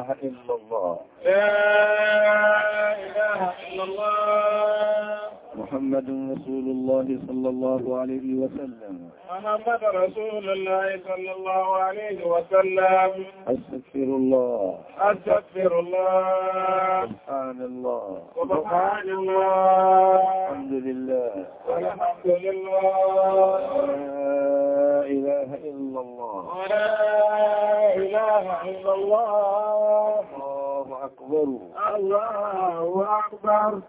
إله إلا الله لا إله إلا الله محمد رسول الله صلى الله عليه وسلم محمد رسول الله صلى الله عليه وسلم أستغفر الله أستغفر الله سبحان الله سبحان الله الحمد لله والحمد لله لا إله إلا الله ولا إله إلا الله الله أكبر الله أكبر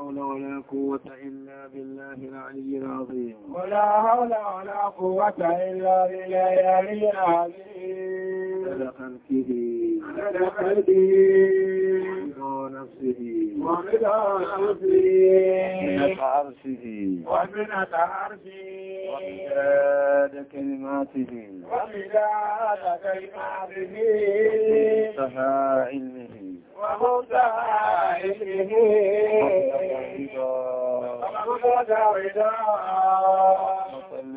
حول ولا قوة إلا بالله العلي العظيم ولا حول ولا قوة إلا بالله العلي العظيم لدى خلقه لدى قلبه ورضا نفسه ورضا نفسه ومنة عرشه ومنة عرشه ومداد كلماته ومداد كلماته منتهى علمه ومتائبه وصل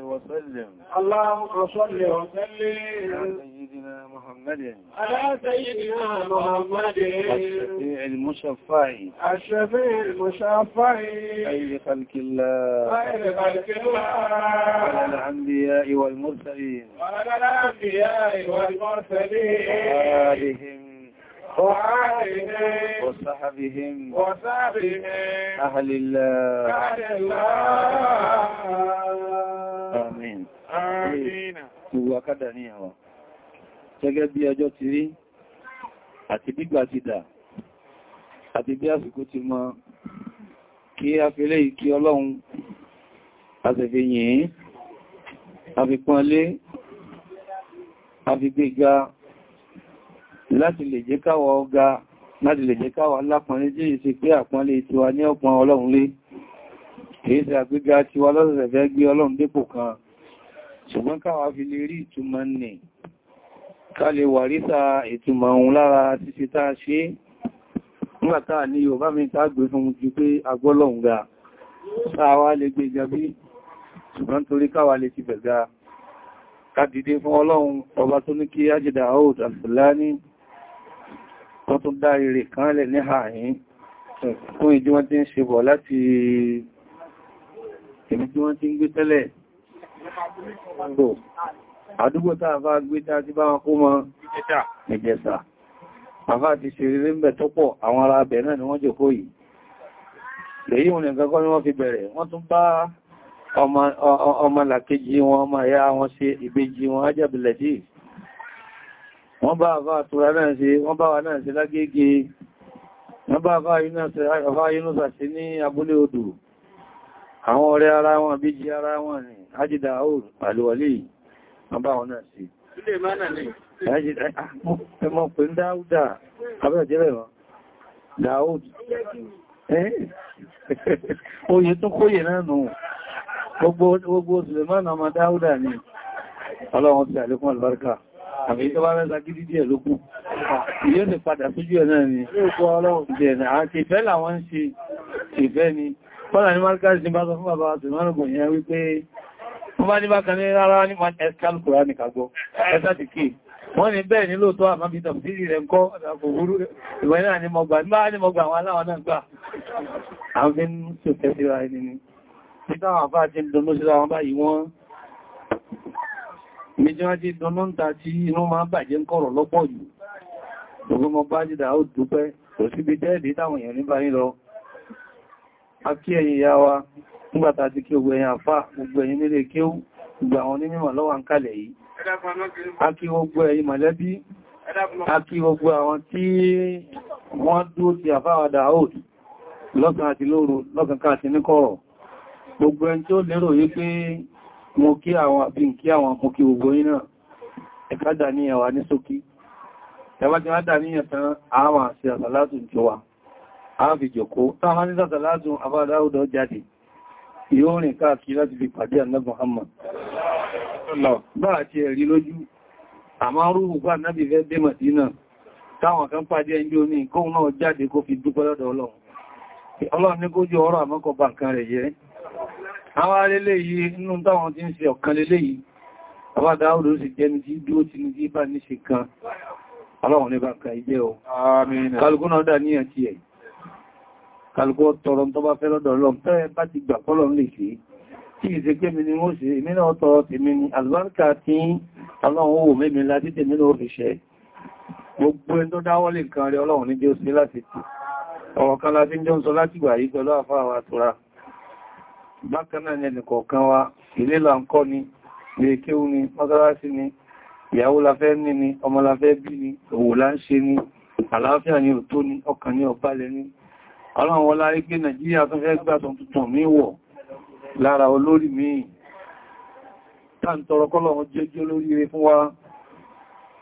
وسلم اللهم صل وسلم سيدنا محمد على سيدنا محمد الشفيع المشفع الشفيع المشفع خير خلق الله خير خلق الله وعلى الأنبياء والمرسلين وعلى الأنبياء والمرسلين وآلهم وعائلهم وصحبهم وصحبهم أهل الله أهل الله آمين آمين Ìwà kádà ní àwà. Gẹ́gẹ́ bí ọjọ́ ti rí, àti gbígbà ti dà, àti bí àsìkò ti mọ, kí a fi lè kí Ọlọ́run, láti lè jẹ́ káwà ọgá láti lè jẹ́ káwà lápọ̀nlé jí ìsì pé àpọ́nlé tiwa ní ọ̀pọ̀n ọlọ́run lé èyí sí àgbégá tiwa lọ́sẹ̀sẹ̀ fẹ́ gbé ọlọ́run dépò kan ṣùgbọ́n káwà fi lè rí ìtumọ̀ nì ká lè wà ríta ìtumọ̀ òun lára títí tá a ṣe nígbàtá ní Yorùbá mi tá gbé fún ju pé agbọ́lọ́run ga sáwá lè gbé ìjọbí ṣùgbọ́n torí káwà lè ti bẹ̀gá ká dìde fún ọlọ́run ọba tó ní kí ájìdá àwòdà fìlá ní wọ́n tún dá ire kan lẹ̀ ní ààyìn fún ìdí wọ́n ti ń ṣe bọ̀ láti ìbí tí wọ́n ti ń gbé tẹ́lẹ̀ àdúgbò tàà bá gbé tàà ti bá wọn kó mọ́ ìjẹsà àfá ti ṣe rí ń bẹ̀ tó pọ̀ àwọn ará abẹ̀ náà ni wọ́n jòkó yìí lèyí òun nìkan kọ́ ni wọ́n fi bẹ̀rẹ̀ wọ́n tún bá ọmọ làkejì wọn ọmọ ẹ̀yà wọn ṣe ìbejì wọn ajábìlẹ̀ dìí wọ́n bá àfá àtúrà náà ṣe wọ́n bá wà náà ṣe lágége wọ́n bá àfá inúsà ṣe ní abúlé odò àwọn ọ̀rẹ́ ara wọn bíjí ara wọn ni ajídà àúrù àlúwọlé wọ́n bá wọn náà ṣe ah, ẹmọ pé dáúdà abẹ́ẹ̀jẹ́bẹ̀ wọn dáúdù oyè tó kóyè náà nù gbogbo Sùlẹ̀mánà ọmọ dáúdà ni ọlọ́run ti àlékún àlùbáríkà àbí tó bá rẹ́sà gidi díẹ̀ ló kú yóò ní padà sójú ẹ̀ náà ni ìbẹ̀ẹ̀nà àti ìfẹ́ làwọn ń ṣe ìfẹ́ ni kọ́nà ní markaz ní bá sọ fún bàbá àtìmọ́nùgbò yẹn wípé wọ́n bá ní bá kan ní rárá ní man escal quranic àgbọ́ ẹ̀sà ti kí wọ́n ní bẹ́ẹ̀ ní lóòtọ́ àmàbí tàbí rẹ̀ ń kọ́ àkòwúrú ìwọ̀n náà ni mọ̀gbà ní bá ní mọ̀gbà àwọn aláwọ̀ náà gbà àwọn fi ń ṣòfẹ́ síra ẹni ni títàwọn àfáà ti ń dọ́nú síra wọn báyìí wọ́n méjìwájí dọ́lọ́ntà tí inú máa bàjẹ́ ń kọ̀rọ̀ lọ́pọ̀ jù ọgbọ́n ọba jídà ó dúpẹ́ kò síbi jẹ́ẹ̀dì táwọn èèyàn nípa ní lọ a kí ẹ̀yin ya wa nígbàtà ti kí ogbẹ̀yìn àfá ogbẹ̀yìn nílé kéwú gbà àwọn onímọ̀ lọ́wà ń kalẹ̀ yìí a kí gbogbo ẹ̀yin mọ̀lẹ́bí a kí gbogbo àwọn tí wọ́n dúró ti àfáwàdà out lọ́kàn àti lóru lọ́kàn káàkiri ní gbogbo ẹni tí ó lérò yí pé mo kí àwọn àbí kí àwọn náà ní ẹwà yóò rìn káàkiri láti fi pàdé Ànábì Muhammad bá àti ẹ̀rí lójú àmá rúrù bá nábi fẹ́ dé Màdínà táwọn kan pàdé ẹni oní náà jáde kó fi lọ́dọ̀ Ọlọ́run Ọlọ́run ní kó jẹ́ àmọ́kọ̀ bá nǹkan rẹ̀ yẹ́ àwọn alẹ́lẹ́ yìí nínú táwọn tí ń ṣe ọ̀kan lélẹ́ yìí àbádá òdó sì jẹ́ ní tí dúó ti ní tí bá ní ṣe kan aláwọn ní bàkà ìjẹ́ o kálukú náà dà ní àti ẹ̀ kálukú tọrọ tó bá fẹ́ lọ́dọ̀ ọlọ́m tẹ́ẹ̀ bá ti gbà kọ́lọ̀ lè ṣe tí ìṣe pé mi ni mo ṣe èmi náà tọrọ tèmi ni àlùbáríkà tí ọlọ́run owó mẹ́mi láti tèmi náà fi ní jẹ́ ó sí láti tì ọ̀rọ̀ kan láti jọ ń sọ láti gbà yí pẹ̀lú àfáà wa bákanáà ní ẹnìkọ̀ọ̀kan wa ilé ń kọ́ ni léèkéú ni mọ́sálásí ni ìyàwó lafẹ́ ní ni ọmọ lafẹ́ bí ni òwò là ni àlàáfíà ni òtó ni ọkàn ni ọ̀bálẹ̀ ni ọlọ́run wọlá rí pé nàìjíríà tó fẹ́ gbà tuntun ní wọ̀ lára olórí míì tàǹtọ̀rọ̀ kọ́lọ̀run jẹ́jẹ́ olórí rẹ fún wa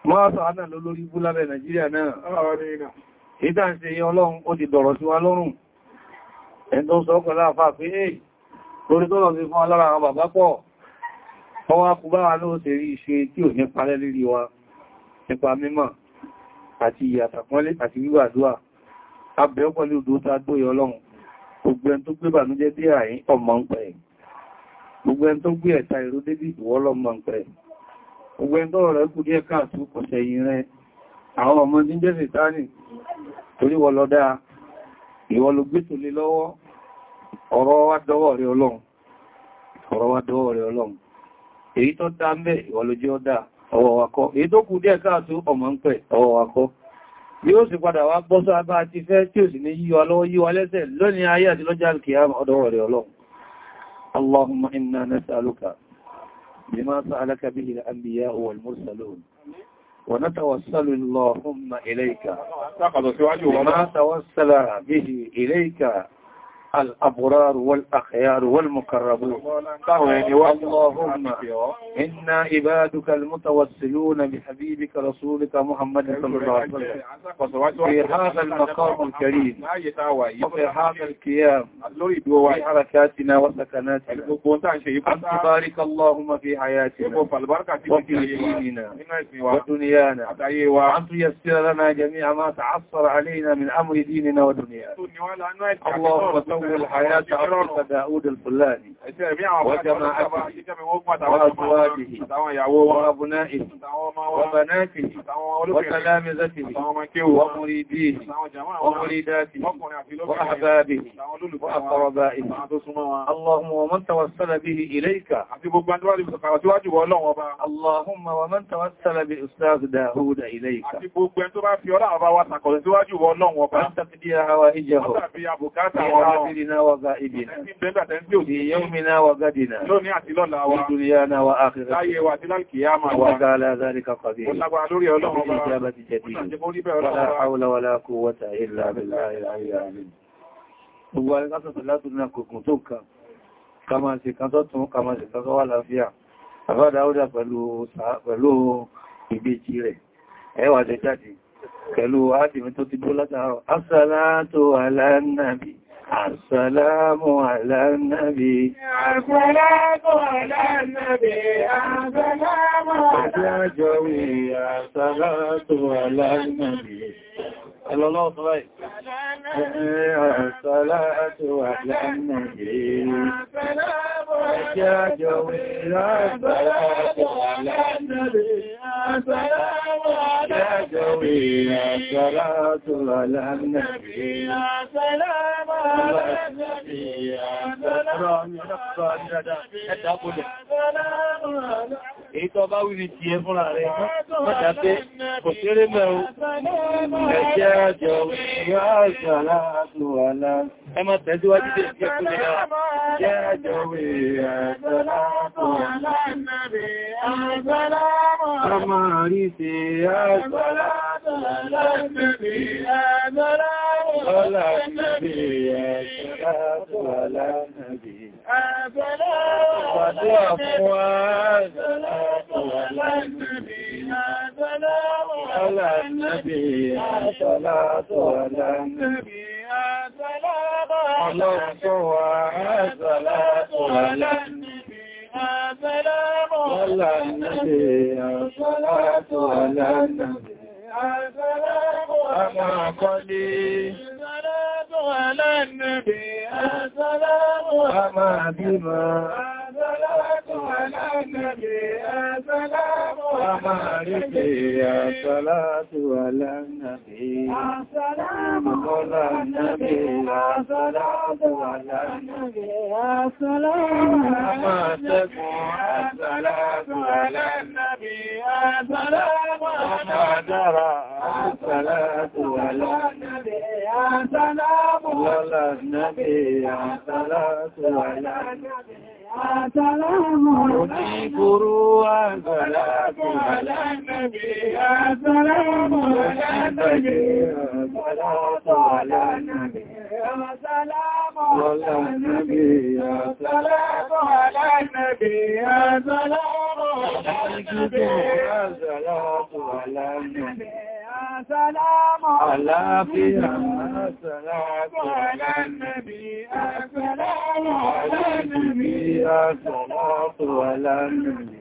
mọ́sàn ánà lólórí bú lábẹ́ nàìjíríà náà ìdáǹṣe ọlọ́run ó ti orí tó lọ sí fún alára àwọn bàbá pọ̀ ọwọ́ akùbára ló ṣe rí iṣẹ́ tí ò ní parẹ́ lérí wa nípa mímọ̀ àti ìyàtàpọ́nlé àti wíwàdúwà abẹ́ pẹ̀lú odò tá gbóyọ ọlọ́run gbogbo ẹn tó gbé bànújẹ́ dé gbé tó rẹ̀ lọ́wọ́ ọ̀rọ̀ wá dọ́wọ́ rẹ̀ ọlọ́run ọ̀rọ̀ wá dọ́wọ́ rẹ̀ ọlọ́run èyí tó dá mẹ́ ìwọ̀lójí ó dá ọwọ́ wakọ́ èyí tó kù díẹ̀ káàtó ọmọ ń pẹ̀ ọwọ́ wakọ́ yóò sì padà wá bọ́ sọ abá ti fẹ́ tí ò sì ní yíwa lọ́wọ́ yíwa lẹ́sẹ̀ lónìí ayé àti lọ́jọ́ alkiyama ọdọ́wọ̀ rẹ̀ ọlọ́run Allahumma inna nas'aluka bima sa'alaka bihi al-anbiya wal mursalun wa natawassalu Allahumma ilayka bima tawassala bihi ilayka الأبرار والأخيار والمقربون اللهم إنا عبادك المتوسلون بحبيبك رسولك محمد صلى الله عليه وسلم في هذا المقام الكريم وفي هذا القيام في حركاتنا وسكناتنا أن تبارك اللهم في حياتنا وفي ديننا ودنيانا وأن تيسر لنا جميع ما تعصر علينا من أمر ديننا ودنيانا اللهم يحول الحياة عرف داود الفلاني وجماعته وأزواجه وأبنائه وبناته وتلامذته ومريديه ومريداته وأحبابه وأقربائه اللهم ومن توسل به إليك اللهم ومن توسل بأستاذ داود إليك أنت تديها هوائجه حاضرنا وغائبنا بيومنا وغدنا بدنيانا وآخرتنا وعلى على ذلك قدير بالإجابة جديد ولا حول ولا قوة إلا بالله العلي العظيم gbogbo alẹ́gbàtọ̀ tọ́látù ní àkókùn tó kà kàmà sí kan tọ́tún kàmà sí kan tọ́wà tó ti bó látàrọ asàlátò Àṣàlámù àlánàbí. Àṣàlámù àlánàbí. Àṣàlámù àlánàbí. Àṣàlámù àlánàbí. Àlọ́lọ́ ọ̀sọ́láì. Àṣàlámù àlánàbí. Àṣàlámù àlánàbí. سلام على جميع الصلاة على النبي سلام على النبي سلام tó ماريتي يا صلاة على النبي يا صلاة على النبي يا صلاة على النبي يا صلاة على النبي يا صلاة على النبي يا صلاة على النبي يا صلاة على النبي يا صلاة على النبي على النبي الصلاة على النبي الصلاة على قلي الصلاة على النبي الصلاة أما بما الصلاة Àmàríkè àṣàlátù alánàbí. Àṣàlámù ọlá nàbí àṣàlátù alánàbí. Àṣàlámù àmàtẹ́kùn àṣàlátù alánàbí. Àṣàlámù àmàdára àṣàlátù alánàbí. Àṣàlámù ọlá nàbí àṣàlátù alánàbí. Àṣàlámù يجيب روحا صلاة على النبي السلام على النبي صلاة على النبي سلام على النبي يا سلام على النبي يا سلام على النبي يا سلام على النبي سلام على فيها السلام على النبي السلام على النبي الصلاة على النبي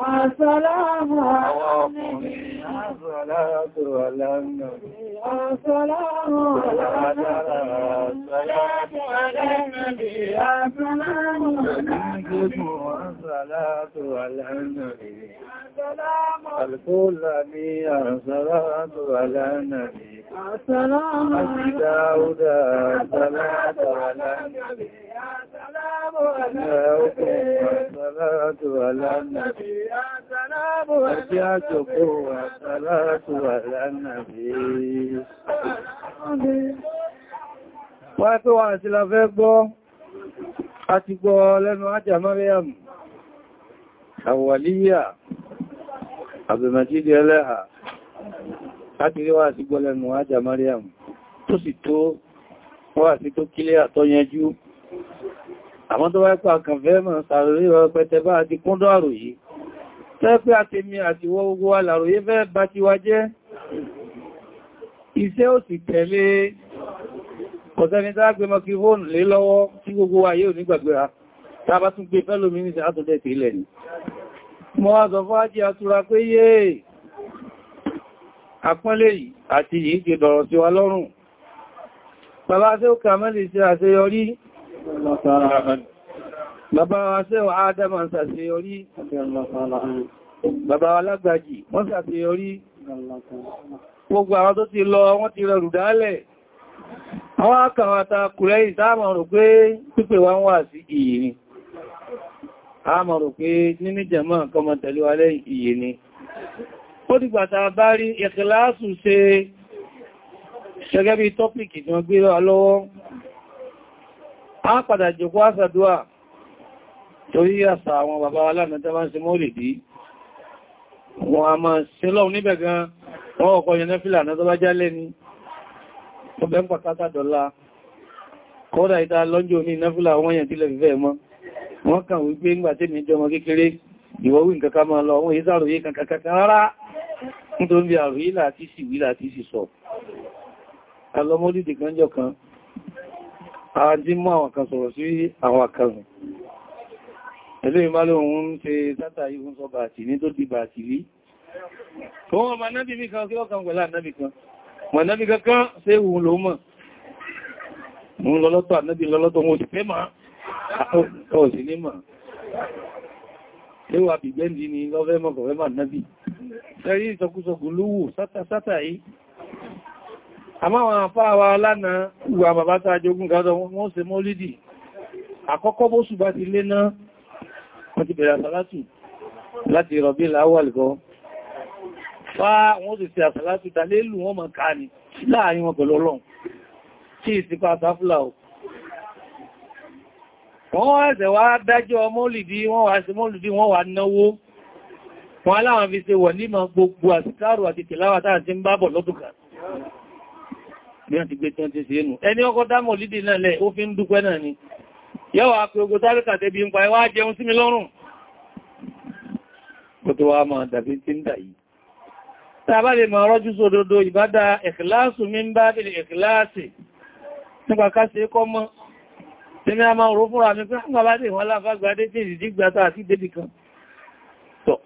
وسلام سلام النبي الصلاة على النبي السلام على النبي الصلاة على النبي الكل بي الصلاة على النبي السلام على داود السلام عليك والصلاة على النبي يا سلام عليك والصلاة على النبي Wọ́n tó wà sí la fẹ́ gbọ́, a ti gbọ́ lẹ́nu ájá Mariam, Àwàlíyà, Àbẹ̀màjídì ẹlẹ́hà, a ti rí wà sí gbọ́ lẹ́nu ájá Mariam, tó sì tó wà sí tó kílé àtọ́yẹnjú àwọn tó wáyé pàá kan fẹ́ mọ̀ sàròrí ọpẹtẹ bá ti kúndọ́ àròyé tẹ́ẹ̀pẹ́ àti mi àti wọ́ gbogbo wa làròyé fẹ́ bá ti wá jẹ́ iṣẹ́ ò sì tẹ̀lé kọ̀sẹ́ni tá gbé mọ́ kí fóònù lé lọ́wọ́ tí gbogbo wa yóò nígbàgbéra tá bá tún gbé fẹ́lómi ní sàátọ̀dẹ̀ tí ilẹ̀ ni mo wá sọ Bàbá wa ṣe wà Ádámà sàṣe orí, bàbá wa lágbàjì, wọ́n sàṣe orí, gbogbo àwọn tó ti lọ wọ́n ti rẹrù dálẹ̀. Àwọn akàwàta kùrẹ́ ìdámọ̀ rò pé pípẹ̀ wá ń wà sí ìyìnì. A mọ̀ rò pé níní jẹ̀mọ́ kọmọ tẹ̀lé wa lẹ́yìn ìyìnì a padà jòkó àsàdúwà torí àsà àwọn bàbá wa lánàá tẹ́ bá ń ṣe mọ́lì bí wọn a máa ṣe lọ́wọ́ níbẹ̀ gan wọ́n ọkọ̀ yẹnẹ́ náà tó bá jálẹ́ ni tó bẹ́ ń pàkátà dọ́lá kọ́dà ìta lọ́njọ́ ní náfìlà wọ́n yẹn tí lẹ́ fẹ́ mọ́ wọ́n kàn wípé ń gbàtí mi jọmọ kékeré ìwọ̀wí nǹkankan máa lọ wọ́n yí sàròyé kankan rárá nítorí àròyé láti sì wí láti sì sọ alọ́mọ́lìdì kan àti mú àwọn kan sọ̀rọ̀ sí àwọn àkàrùn ẹ̀lú ìmálò òun ń ṣe dátà ìhun sọ bàtì ní tó di bàtì rí tó wọ́n ma nábi mi kan kí ọkàn pẹ̀lá nábi kan mọ̀ nábi kankan ṣe ìhun ló mọ̀ mú lọ́lọ́tọ̀ ànábi lọ́lọ́tọ̀ mo sì fẹ́ ma ọ̀ sí ní mà léwà bìgbẹ́ndì ni lọ́fẹ́ mọ̀kọ̀fẹ́ mà nábi sẹ́rí ìsọkúsọkù lówù sátà sátà yìí àmá àwọn àfáà wa lánàá ìwà bàbá tá a jogún gádọ wọ́n ṣe mọ́lídì àkọ́kọ́ bó ṣùgbà ti lé náà wọ́n ti bẹ̀rẹ̀ àsàlátù láti rọ̀bí láwọ̀lùkọ́ fá wọ́n sì ṣe àsàlátù dalélù wọ́n mọ̀ ká ní láàrin wọn pẹ̀lú ọlọ́run tí ìsìnkú àtàfúlà ò wọ́n wá ẹ̀sẹ̀ wá dájọ́ mọ́lìdí wọ́n wá sí mọ́lìdí wọ́n wá náwó wọ́n aláwọn fi ṣe wọ̀ nímọ̀ gbogbo àsìkárù àti tìláwà bí wọ́n ti gbé tí wọ́n ti ṣe nù ẹni ọkọ̀ dámọ̀ lídì náà lẹ̀ ó fi ń dúpẹ́ náà ni yọ́wà pé ogun tálíkà tẹ́bí ń pa ẹwà jẹun sí mi lọ́rùn kò tó wá máa dàbí tí ń dà yìí tàbá lè máa rọ́jú sódodo ìbádá ẹ̀kìláàsù mi ń bá bèèrè ẹ̀kìláàsì nípa káṣe kọ́ mọ́ tí mi a máa rò fúnra mi pé àwọn àbádé wọn láfàgbádé tí ìdí gbátá àti débì kan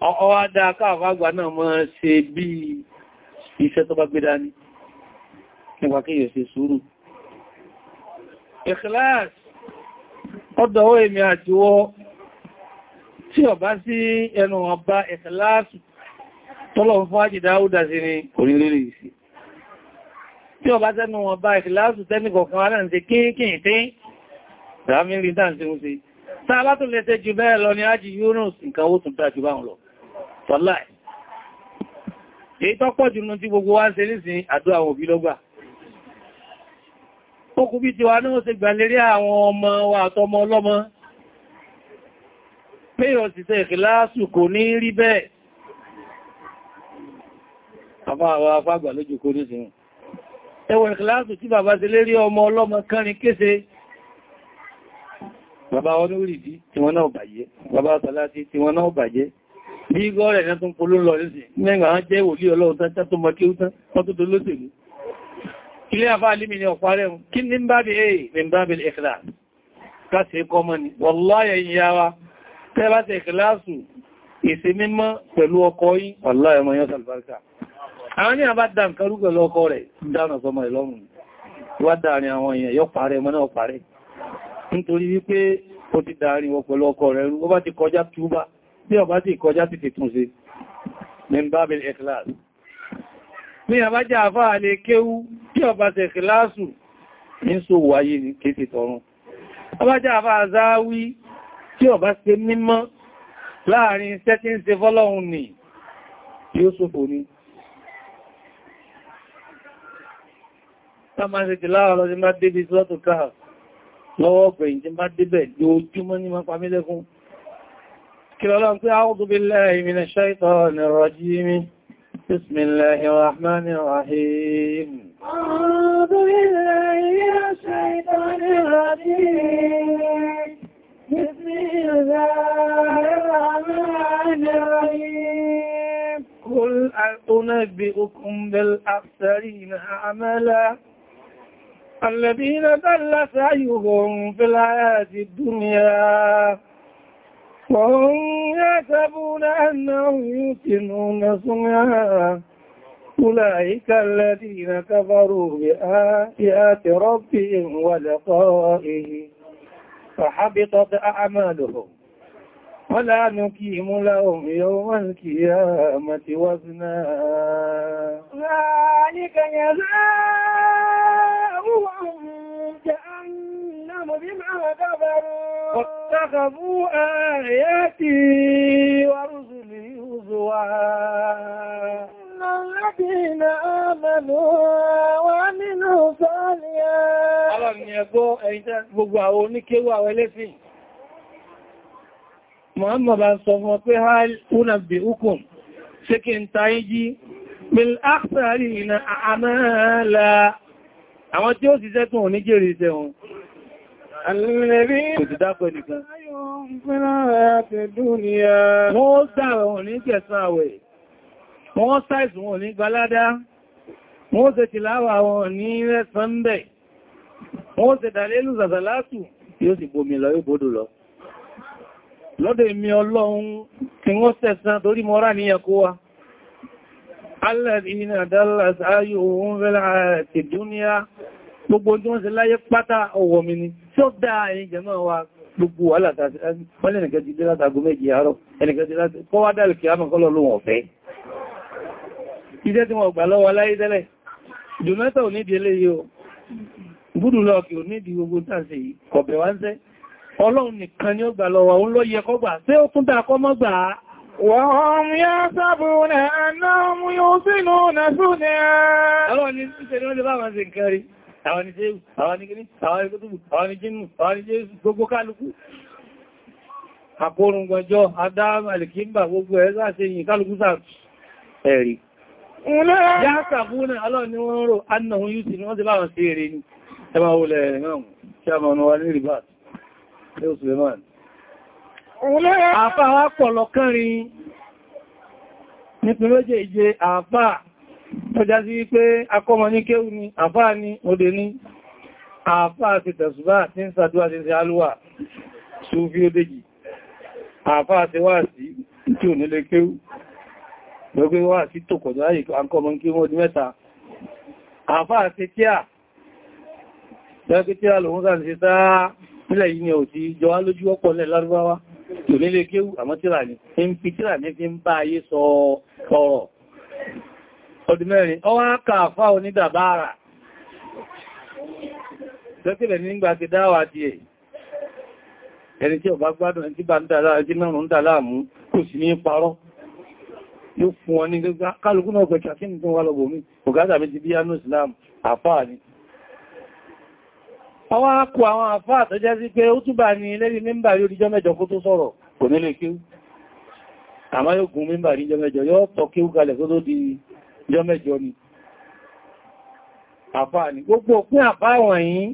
ọwá dáa káàfàgbà náà máa ṣe bí iṣẹ́ tó bá gbé dání nípa kí yẹ̀ ṣe sùúrù ìkìláàsì ọdọ̀wọ́ èmì àtiwọ́ tí ọ̀bá sí ẹnu ọba ìkìláàsì tọ́lọ̀ fún àjìdá ó dá sí ní orílẹ̀-èdè ìsì tí ọba sẹ́nu ọba ìkìláàsì tẹ́nìkọ̀ọ̀kan wá náà ń ṣe kéèkèé tí ìdámírí dáǹtí ń ṣe tààbá tó lè ṣe jù bẹ́ẹ̀ lọ ní ájì Yunus nǹkan tó kú bí ti wá náà ṣe gbàlérí àwọn ọmọ wa àtọmọ ọlọ́mọ péyọ̀ sì tẹ́ ìkìláàsù kò ní rí bẹ́ẹ̀ àfáàwọ̀ afágbà lójú kó ní sínú ẹwọ̀ ìkìláàsù tí bàbá ṣe lérí ọmọ ọlọ́mọ kánrin kése bàbá wọn lórí ìdí tí wọ́n náà bàjẹ́ bàbá sàláti tí wọ́n náà bàjẹ́ bí gọ́ọ̀rẹ̀ náà tún polú lọ nísìn mẹ́gbà á jẹ́ wòlí ilé afá alìmì ni ọ̀pá rẹ̀ kí ní bábi èyí ní bábi ìkìlá láti ẹkọ́ mọ́ ni wọ́láyẹ̀ ìyáwá tẹ́bá tẹ́ ìkìláàsù ìsẹ mímọ́ pẹ̀lú ọkọ yín wọ́láyẹ̀ mọ́ yọ́sà albarka àwọn ní àbá dá nǹkan rúgbẹ̀ lọ́kọ rẹ̀ dáná sọmọ ìlọ́run wá dáàrin àwọn èèyàn yọ parẹ́ mọ́ náà parẹ́ nítorí ní àbájá àfáà lè kéwú tí ọba tẹ̀ kìláàsù ní ṣòwò ayé kéte tọrún àbájá àfáà záwí tí ọba ṣe mímọ́ láàrin iṣẹ́ tí ń ṣe fọ́lọ́hun ni yóò ṣòfò ní lọ́wọ́ ọ̀gbẹ̀yìn tí bá débẹ̀ lójúmọ́ ní máa pàmílẹ́kún kí lọ́lọ́ بسم الله الرحمن الرحيم أعوذ بالله من الشيطان الرجيم بسم الله الرحمن الرحيم قل أنبئكم بالأخسرين عملا الذين دل سعيهم في الحياة الدنيا وهم يحسبون أنهم يوقنون صنعا أولئك الذين كفروا بآيات ربهم ولقائه فحبطت أعمالهم ولا نكيم لهم يوم القيامة وزنا ذلك جزاء بما كفروا واتخذوا آياتي ورسلي هزوا الذين آمنوا وعملوا صالحات Àwọn ni ẹgbọ́ ẹ̀yìn gbogbo àwọn oníkéwà àwọn ẹlẹ́sìn. Mọ̀hánmà bá sọ fún pé ha únà bí ukùn, ṣe kí n ta yíjí, bil áksàrí ìnà àmàlà, àwọn tí ó sì sẹ́tùn òní jèrè ìṣẹ́ wọn. Kò ti dákọ̀ nìkan. Wọ́n dára wọn ní tẹ̀sán àwẹ̀. Wọ́n sáìsùn wọn ní gbaládá. Wọ́n ṣe tìláwà wọn ní rẹ̀sán bẹ̀. Wọ́n ṣe dàlélù zàzàlátù yóò sì bomi lọ yóò bódò lọ. Lọ́dọ̀ èmi ọlọ́run tí wọ́n tẹ̀sán torí mọ́ra níyàkó wa. Alladhina gbogbo tí wọ́n ṣe láyé pátá ọwọ́ mi ni tí ó dá ẹ̀yìn jẹmọ́ wa gbogbo wà látàtí wọ́n lẹ́nìkẹ́ ti dé látàgó méjì àárọ̀ ẹnìkẹ́ ti láti kọ́ wá dálì kí á mọ̀ kọ́lọ̀ ló wọ̀n fẹ́ iṣẹ́ tí wọ́n ọlọ́run nìkan ni ó gbà lọ́wọ́ òun ló yẹ kó gbà ṣé ó tún dáa kọ́ mọ́ gbà á Wọ́n yá sábúrún ẹ̀ náà mú yóò sínú nà súnìyàn. Ọlọ́run ni ṣe ni ó lè bá wọn sí nǹkan àwọn ni jésù àwọn ni kìíní àwọn ìkútùbù àwọn ni jínú àwọn ni jésù gbogbo kálukú àkórùngbọ̀njọ́ adáàmà alìkímbà gbogbo ẹ̀ sáṣe yìí kálukú sáà ẹ̀rí yásàbúnà aláwọ̀ni wọ́n rò annahun yìí tí wọ́n ti láwọn sí èrè ní ẹmà olẹ̀ ẹ̀rìn ṣàmọ̀nà wà ní ribat leo suleiman tó já sí wípé akọ́mọ ní kéwù ni àfáà ni òdè ní àfáà ti tẹ̀sùbá tí ń sàdúwà ti ti alúwà sófí ó déjì àfáà ti wá sí tí ò nílé kéwù gbogbo wá sí tó kọ̀dọ̀ láyé akọ́mọ ní kéwù ọdún mẹ́ta àfáà ti kíà tẹ́kítíà lòun sáà ti sáà nílẹ̀ yìí ni ò ti jọ wá lójú ọ̀pọ̀ lẹ́ lárúbáwá tò nílé kéwù àmọ́ tíra ní fi ń bá ayé sọ ọ̀rọ̀ ọdún mẹ́rin ọwá kàfà onídàbára lọ́kílẹ̀ nígbà ti dáwà díẹ̀ ẹni tí ọba gbádùn ẹni tí bá ń dà láàrín tí mẹ́rùn-ún dà láàmú kò sí ní parọ́ yóò fún wọn ní kálukú náà pẹ̀kà kí nìkan wà lọ́gbọ̀mí ọ̀gádà méjì bí yánú Islam àfáà ni ọwá kú àwọn àfáà tó jẹ́ sí pé ó túbà ní lẹ́rí mímbà rí oríjọ́ mẹ́jọ kó tó sọ̀rọ̀ kò nílé kíú àmá yóò gún mímbà rí jọ mẹ́jọ yóò tọ́ kíú kalẹ̀ kó tó di jọ mẹ́jọ ni àfáà ni gbogbo òpin àbáwọn yìí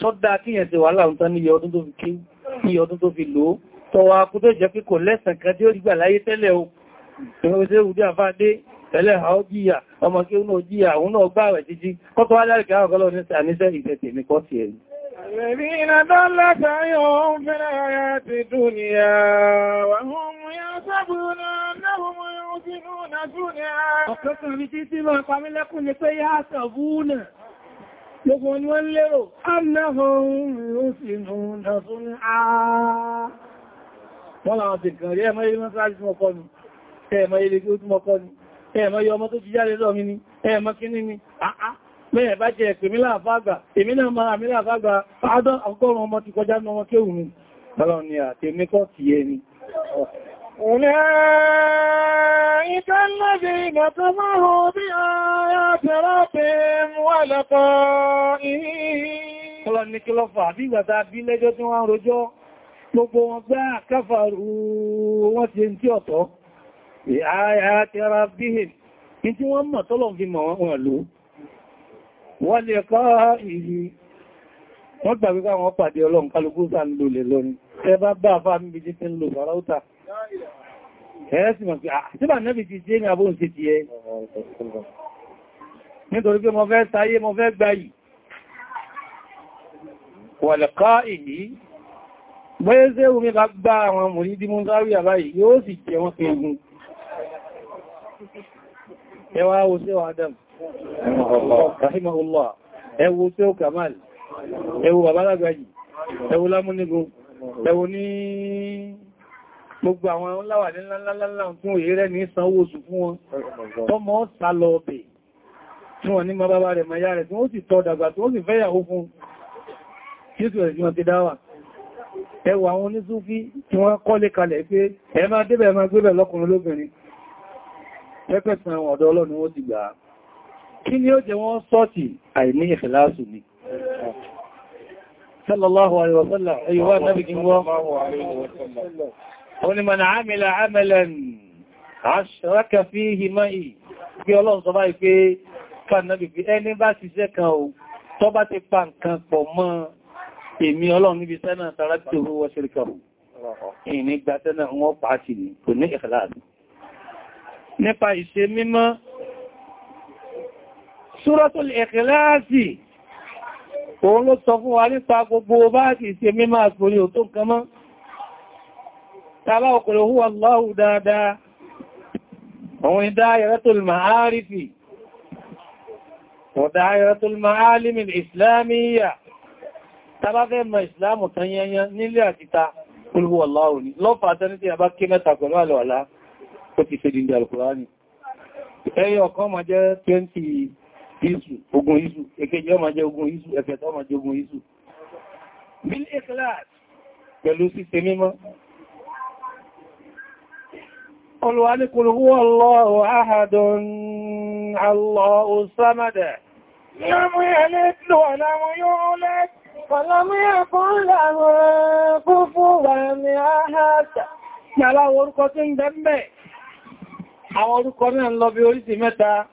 sọ́dá kíyàn ti wà láàrùntán ní ọdún tó fi kí ọdún tó fi lòó tọwà kú tó jẹ́ pé kò lẹ́sàn kan tí ó rígbà láyé tẹ́lẹ̀ o ìrọ̀wẹ́sẹ̀ ìrùdí àfáàdé tẹ́lẹ̀ àwọn jíyà ọmọ kí ó náà jíyà òun náà gbáwẹ̀ títí kọ́tọ́ wá láríkà àwọn ọgọ́lọ́ ní àníṣẹ́ ìfẹ́tẹ̀ ní kọ́ sí ẹ̀yìn الذين ضل سعيهم في الحياة الدنيا وهم يحسبون أنهم يحسنون صنعا ọ̀kọ́kọ́ mi tí tí máa pàmí lẹ́kùn ní pé yá sàbúnà gbogbo ni wọ́n lérò annahum yuhsinuna sun'a wọ́n láwọn ti kàn rí ẹmọ ilé mọ́sáàjì tí mọ́kọ́ ni ẹmọ ilé tí ó tí mọ́kọ́ ni ẹmọ iye ọmọ tó ti jáde lọ́mí ni ẹmọ kíní ni àá mẹ́rẹ̀ bá jẹ́ ẹ̀pẹ̀ mílá àfágbà èmi náà máa mílá àfágbà àádọ́ ọgọ́rùn ọmọ ti kọjá ní ọmọ kéwù mi bọ́lọ̀ ni àti èmi kọ́ ti yé ni أولئك الذين كفروا tí wọ́n bí i, ní tí wọ́n mọ̀ tọ́lọ̀ fi mọ̀ wọn lòó wọ́n lè kọ́ ìlú wọ́n gbàgbé káwọn pàdé ọlọ́run kálukú sà ń lò lè lọ́ni ẹ bá bá fà ń bí jíkẹ́ ń lò fàráútà ẹ̀ẹ́sì mọ̀ pé àtíbà náà bí ti jẹ́ ní abóhùn sí ti ẹ nítorí pé mo fẹ́ sáyé mo Adam rahimahullah ẹwọ tí ó kamal ẹwọ babalágbàjì ẹwọ lámúnigun ẹwọ ní gbogbo àwọn ọláwà ní lálálálá fún òyẹ́rẹ́ ní sanwó oṣù fún wọn tọ́mọ sálọ ọbẹ̀ tí wọ́n ní ma bàbá rẹ̀ ma yá rẹ̀ tí wọ́n sì tọ́ dàgbà tí wọ́n sì fẹ́yàwó fún jésù rẹ̀ tí wọ́n ti dáwà ẹwà àwọn onísúfí tí wọ́n kọ́lé kalẹ̀ ti gbà kí ni ó jẹ wọ́n sọ́tì àìní ìfẹ̀láṣù ni sallallahu alaihi wasallam ayyuwa nabi gingo wani mana amila amalan aṣraka fihi ma'i bí ọlọ́run sọ báyìí pé fànàbì pé ẹni bá ṣiṣẹ́ kan o tó bá ti pa nǹkan pọ̀ mọ́ èmi ọlọ́run níbi sẹ́nà tàrà tí Súratul Ìkìláàsì, òun ló sọ fún wa nípa gbogbo bá ti ṣe mímọ̀ àtòrí ò tó nǹkan mọ́. Tàbá òkùnrin húwà Allahu dáadáa, òun ni Dāyaratul Ma'ārifi, wa Dāyaratul Ma'ālimi Islamiyya, tàbá fẹ́ mọ̀ Ìsìlámù tán yẹnyẹn nílé àtìta, Qul huwa Allahu ni, lọ́pàá tẹ́ni tí a bá 20 isu ogun isu èkejì ọmọ jẹ ogun isu ẹ̀kẹta ọmọ jẹ ogun isu bil ikhlas kul huwa Allahu Allahu lam yalid wa lam yulad wa lam lahu kufuwan ahad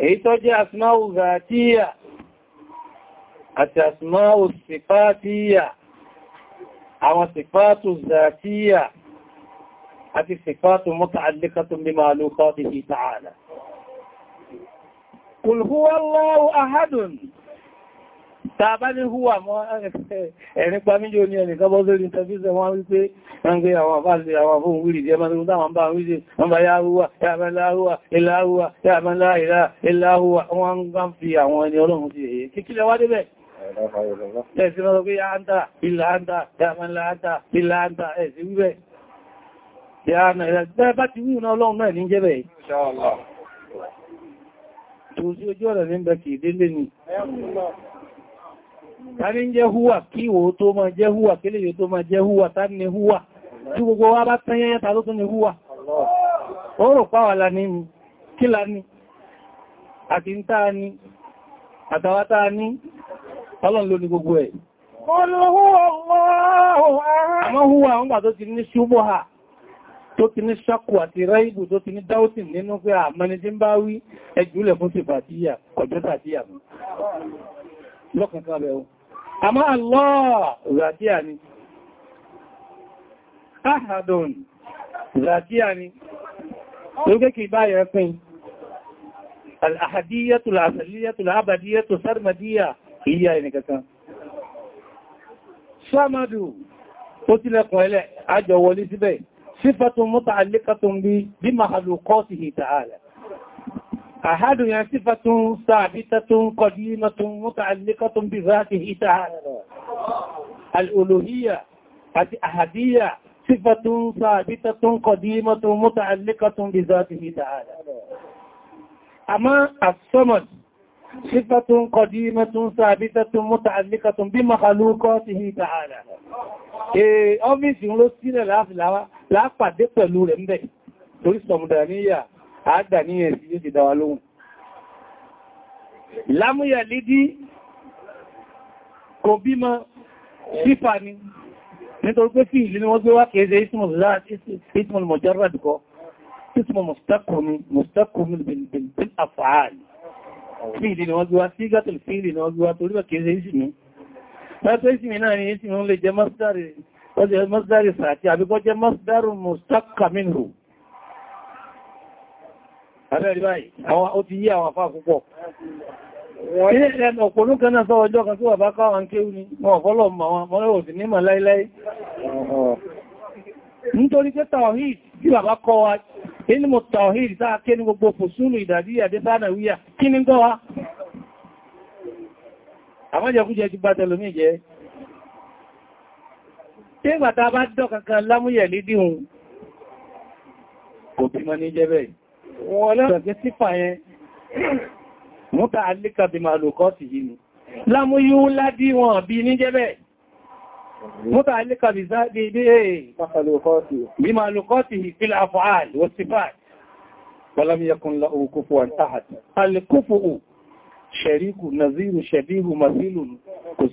èyí tó jẹ́ asmáwù zàtíyà àti asmáwù sífàtíyà àwọn sífàtù zàtíyà àti sífàtù muta'alliqatun bí ma'luqatihi ta'ala Qul huwa Allahu ahadun ta bá ní húwà mọ́ ẹ̀rin pàmíjì ó ní ẹnìkan bọ́ sórí ìtàbíṣẹ́ wọ́n wípé wọ́n gbé àwọn àbáṣe àwọn fún wíri jẹ́ mọ́ tó dáwọn bá wíṣe wọ́n bá yáhúwà yàmẹ́láhúwà ìláhúwà yàmẹ́láhìlá ìláhúwà wọ́n gbá fi àwọn ẹni ọlọ́run ti èyí kíkílẹ̀ wá débẹ̀ ẹ̀sìn mọ́ pé yáńtà ìlàńtà yàmẹ́láńtà ìlàńtà ẹ̀sìn wíbẹ̀ yàánà ìrẹ̀sìn bá ti wíwọ́n ọlọ́run náà ní jẹ́bẹ̀ yìí tó sí ojú ọ̀rẹ̀ ní bẹ̀kì délé ni ta ní jẹ́ húwà kí ìwò tó máa jẹ́ húwà kí lèyò tó máa jẹ́ húwà ta ní húwà tí gbogbo wa bá tán yẹ́yẹ́ ta ló tún ní húwà ó rò páwà lani kí lani àti táa ni àtàwátá ni ọlọ́n ló ní gbogbo ẹ̀ àmọ́ húwà wọ́n gbà tó ti ní ṣúbọ́ha tó ti ní ṣakù àti ráìbù tó ti ní dáútìn nínú pé àmọ́ni tí ń bá wí ẹjúlẹ̀ fún sí fàtíyà kọjọ́ fàtíyà lọ́kànkan bẹ̀rún àmọ́ Allah zàdíà ni ahadun zàdíà ni lókè kì bá yẹ pín al-ahadiyatul asaliyatul abadiyatul sarmadiyya ìyá ẹnìkankan samadu ó tilẹ̀kùn ẹlẹ́ àjọ wọlé síbẹ̀ sífàtún muta'alliqatun bí bí mahalukọ́sì ta'ala أحد يا صفة ثابتة قديمة متعلقة بذاته تعالى الألوهية الأحدية صفة ثابتة قديمة متعلقة بذاته تعالى أما الصمد صفة قديمة ثابتة متعلقة بمخلوقاته تعالى أمي سيولو سيلة لا pàdé pẹ̀lú rẹ̀ ń bẹ̀ torí sọmùdàníyà àádà ní ẹ̀sì yóò ti dáwà lóhùn lámúyà lédí kò bímọ sífà ni nítorí pé fi ìlú ni wọ́n gbé wá kẹ́ẹ̀ẹ́ ismul mujarrad kọ́ ismul mustaqim mustaqim bil ni wọ́n gbé wá sí gátùl fi ìlú ni wọ́n gbé wá torí wà kẹ́ẹ̀ẹ́ ìsìnmi láti ìsìnmi náà ni ìsìnmi ó lè jẹ masdari sàtì àbíkọ́ jẹ masdaru Abẹ́rẹ̀ báyìí, àwọn ó ti yí àwọn àfá púpọ̀. Ilé ẹ̀mọ̀ òpònú kan náà sọ́wọ́ ọjọ́ kan tí wà bá káwà ń kéwú ni, wọn fọ́lọ̀ mọ̀ wọn, mọ́ lẹ́wọ̀ sí nímọ̀ láíláí. Nítorí pé tàwàhìd tí bàbá kọ́ wa, inú mo tàwàhìd sáà ké ní gbogbo fòsúnù ìdàdí àdébánà wíyà, kí ní gọ́ wa? Àmọ́jẹkújẹ ti bá tẹlòmí jẹ́. Tí wọ́n lẹ́gbẹ̀ẹ́ sífà yẹn múta alíkà bí máa lòkọ́ sí yìí ni lámú yíó ládí wọn bí ní jẹ́bẹ̀ múta alíkà bí záàdì bí èè bí máa lòkọ́ sí yìí fílà àfọ́àlì wọ́n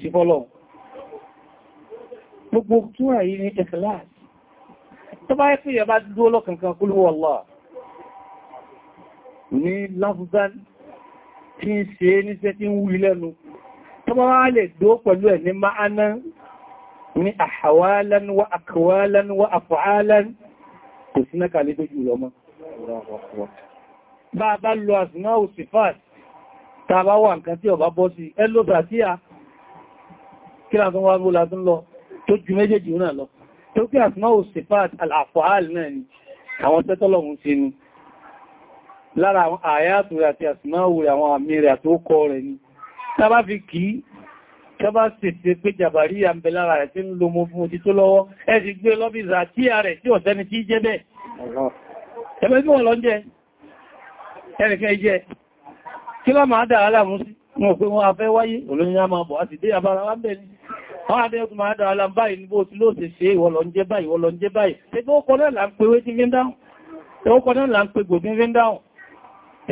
sí báyìí gbogbo túnra yìí ní ẹ̀kìláàsì tó bá yẹ bá dúró lọ́kànkan kúlúwọ́lọ́wọ́ ní lafzan tí ń ṣe níṣẹ́ tí ń wú lẹ́nu tó bá wá lè dó pẹ̀lú ẹ̀ ní ma'ana ní ahwalan wa aqwalan wa af'alan kò sí náà kàlẹ́ tó jù lọ mọ́ bá bá lọ àsìná òsìfàt ta wà nǹkan tí ọba bọ́ sí lára àwọn àyàtù rẹ̀ àti àsìmáwò rẹ̀ àwọn àmì rẹ̀ àti ókọ rẹ̀ ni tàbá fi kí tàbá sèse pé jàbàrí àmbẹ̀ lára rẹ̀ tí ń lo mo fún ojú tó lọ́wọ́ ẹ sì gbé lọ́bìsà tí a rẹ̀ tí ọ̀sẹ́ni tí jẹ́ bẹ́ẹ̀ ẹ̀mẹ́ tí wọ́n lọ jẹ́ ẹnìkan jẹ́ kí lọ máa dára láàmú sí wọn pé wọ́n afẹ́ wáyé olóyìn a máa bọ̀ àti dé àbára wá bẹ̀rẹ̀ wọ́n adé ọdún máa dára láàmú báyìí níbo tí ló ṣe ṣe ìwọ̀ lọ jẹ́ báyìí ìwọ̀ lọ jẹ́ báyìí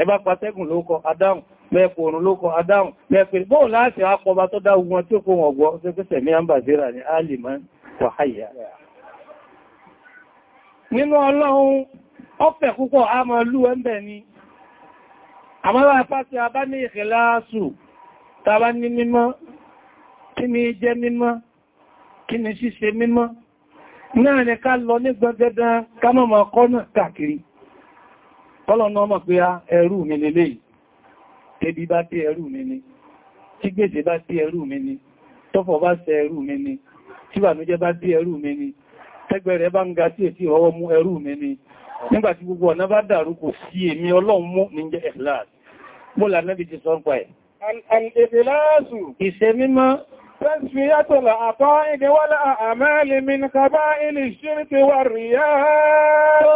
ẹbá pàtẹ́gùn ló kọ adáhùn mẹ́ẹ̀kù òrùn ló kọ adáhùn mẹ́ẹ̀kù bóò láti àpọba tó dá ogun tí ó kó wọn tó pèsè ní àmbàzíra ní alìmọ́ wàháyà nínú ọlọ́run ni àmọ́lá apá tí a bá ní ìkìláàsù tàbá ní mímọ́ kí ni jẹ́ mímọ́ kí ni ṣíṣe mímọ́ náà ni ká lọ ní gbọ́gbẹ́dán ká mọ́ mọ́ kọ́nà káàkiri kọ́lọ̀nà ọmọ pé a ẹrù mi lè léyìí tẹbí bá tí ẹrù mi ni tí gbèsè bá tí ẹrù mi ni tọ́fọ̀ bá ṣe ẹrù mi ni tí bànújẹ́ bá tí ẹrù mi ni tẹ́gbẹ̀ rẹ̀ bá ń ga tí èsì ọwọ́ mú ẹrù mi ni nígbàtí gbogbo ọ̀nà bá من قبائل الشرك والرياء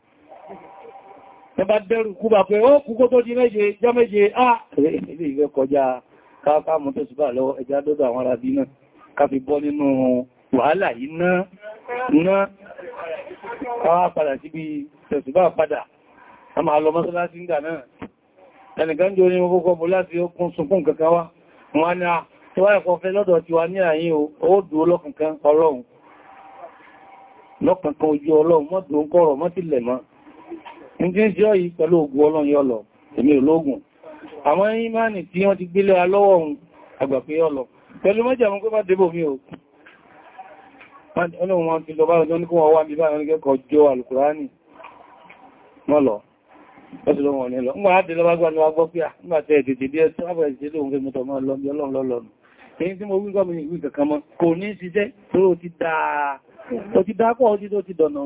tẹba dẹ́rù kú bà pé ó kú kó tó di méje jọ méje á ilé ìwé kọjá káàkà mú tó ṣùgbà lọ ẹja dọ́dọ̀ àwọn arábí náà ká fi bọ́ nínú wàhálà yìí ná káwà padà síbi tẹ̀sùbà padà a máa lọ mọ́sálásí ń gà náà ẹnìkan jò ní ọkọ̀ mú láti okun sunkún ni a tó wáyé kọfẹ́ lọ́dọ̀ ti wá ní ah, àyín ó dúó lọ́kànkan ọlọ́run ní jẹ́ yìí pẹ̀lú ogun ọlọ́run yọ lọ èmi ológun àwọn ìmáni tí wọ́n ti gbélé alọ́wọ́ ohun àgbàpé yọ lọ pẹ̀lú mẹ́jẹ̀ àwọn kọ́bá débò mi o ọlọ́run wọn ti lọ bá ọjọ́ ní kí wọ́n wá mi báyọ̀ nígbẹ́kọ̀ọ́ jọ alùkùránì mọ́ lọ ọdún lọ́wọ́ ní lọ. Mọ́ àdé lọ́wọ́ gbọ́nà wọ́n gbọ́ pé à nígbà tẹ́ èdèdè bí ẹ̀sùn àbẹ̀ ìṣẹ́ lóhun fẹ́ mọ́tọ̀ mọ́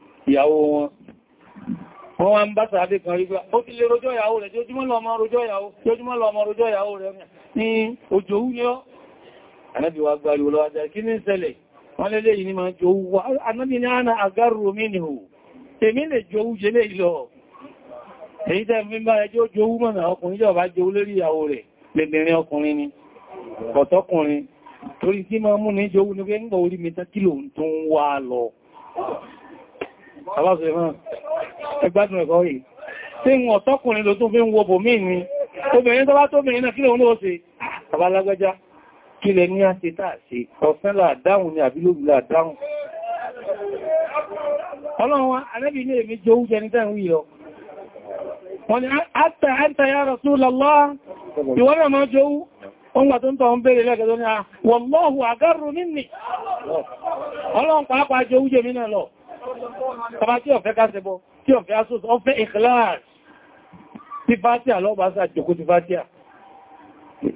ìyàwó wọn wọ́n wá ń bá sàábé kan rí gbá ó ti lè rojọ́ ìyàwó rẹ̀ jójúmọ́ lọ ọmọ rojọ́ ìyàwó rẹ̀ ní òjò wú ní ọ́ wa gbárí olówájá kí ní ṣẹlẹ̀ wọ́n lélé yìí ni ma jò wú anábí ní àná àgárò mi aláṣẹ́mọ́ ẹgbádùn ẹ̀kọ́ yìí tí wọ́n tọ́kùnrin ló tún fi ń wo bò mí ní obìnrin tó bá tóbìnrin náà kí lòun ó ṣe àbálágbájá kí lẹ ní a ṣe táà ṣe ọ̀sán láàdáhùn ni àbí lóbi láàdáhùn ọlọ́run alẹ́bí ilé mi jọ oúnjẹ ní tẹ́rù ìlọ wọ́n ni àtà ya Rasulullah ìwọ́nà máa jọ oú oúnjẹ tó ń tọ́ ń bèèrè lẹ́gẹ̀ẹ́ tó ní à wallahu agarru minni ọlọ́run pàápàá jọ oúnjẹ mi Tàbá tí ọ̀fẹ́ ká tí ọ̀fẹ́ aṣòsù, ọ̀fẹ́ ìkìláàṣì. Tí Fátíà lọ́bàá sà jòkó ti Fátíà.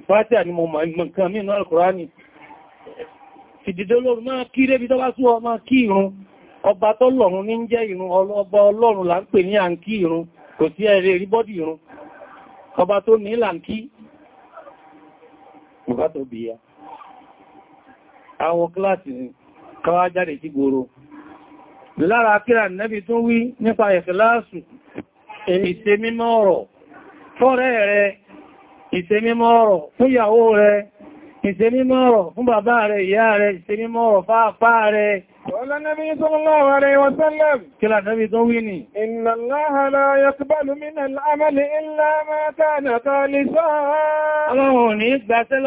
Fátíà ni mo mọ̀ nǹkan mínú Alkùránì. Ìdìdó máa kí rébi tó sú ọ kí Ọba tọ́lọ̀run ní ọba ọlọ́run là ń pè ní à ń kò sí ẹ̀rẹ́ rí bọ́dì Ọba tó ní jáde sí gbòòrò. lára kíra nẹ́bí tó wí nípa ìfìláàsù ìṣẹ́mímọ́ ọ̀rọ̀ fọ́rẹ́ rẹ ìṣẹ́mímọ́ ọ̀rọ̀ fún ìyàwó rẹ ìṣẹ́mímọ́ ọ̀rọ̀ fún bàbá rẹ ìyá rẹ ìṣẹ́mímọ́ ọ̀rọ̀ fáfá rẹ Ọlá Nàbí sallallahu alaihi wa sallam. Kílá Nàbí tó wí ni. Inna Allaha la yaqbalu min al-amali illa ma kana khalisan. Ọlọ́run ní gbàṣẹ́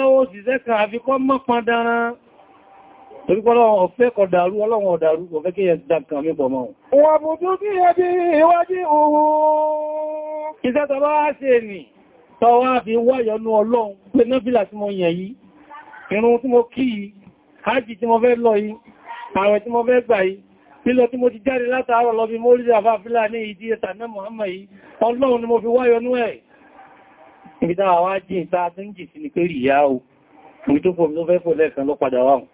torí pé ọlọ́run ọ̀fẹ́ kò dàrú ọlọ́run ọ̀dàrú kò fẹ́ kí ẹ dákan mí pọ̀ mọ́ wọn mú tó kí ẹ bí ìwájí ohun iṣẹ́ tọ bá ṣe nì tọ wá fi wáyọnú ọlọ́run pé náfílà tí mo yẹ̀ yìí irun tí mo kí yìí hájì tí mo fẹ́ lọ yìí ààwẹ̀ tí mo fẹ́ gbà yìí lílọ tí mo ti jáde látàárọ̀ lọ bí mo rí àfá fílà ní ìdí ẹta náà mọ̀hánmà yìí ọlọ́run ni mo fi wáyọnú ẹ̀ ibi táwà wá jí ìta tó ń jì sí ni pé rí ìyá o ibi tó ló fẹ́ fò lẹ́ẹ̀kan ló padà wáhùn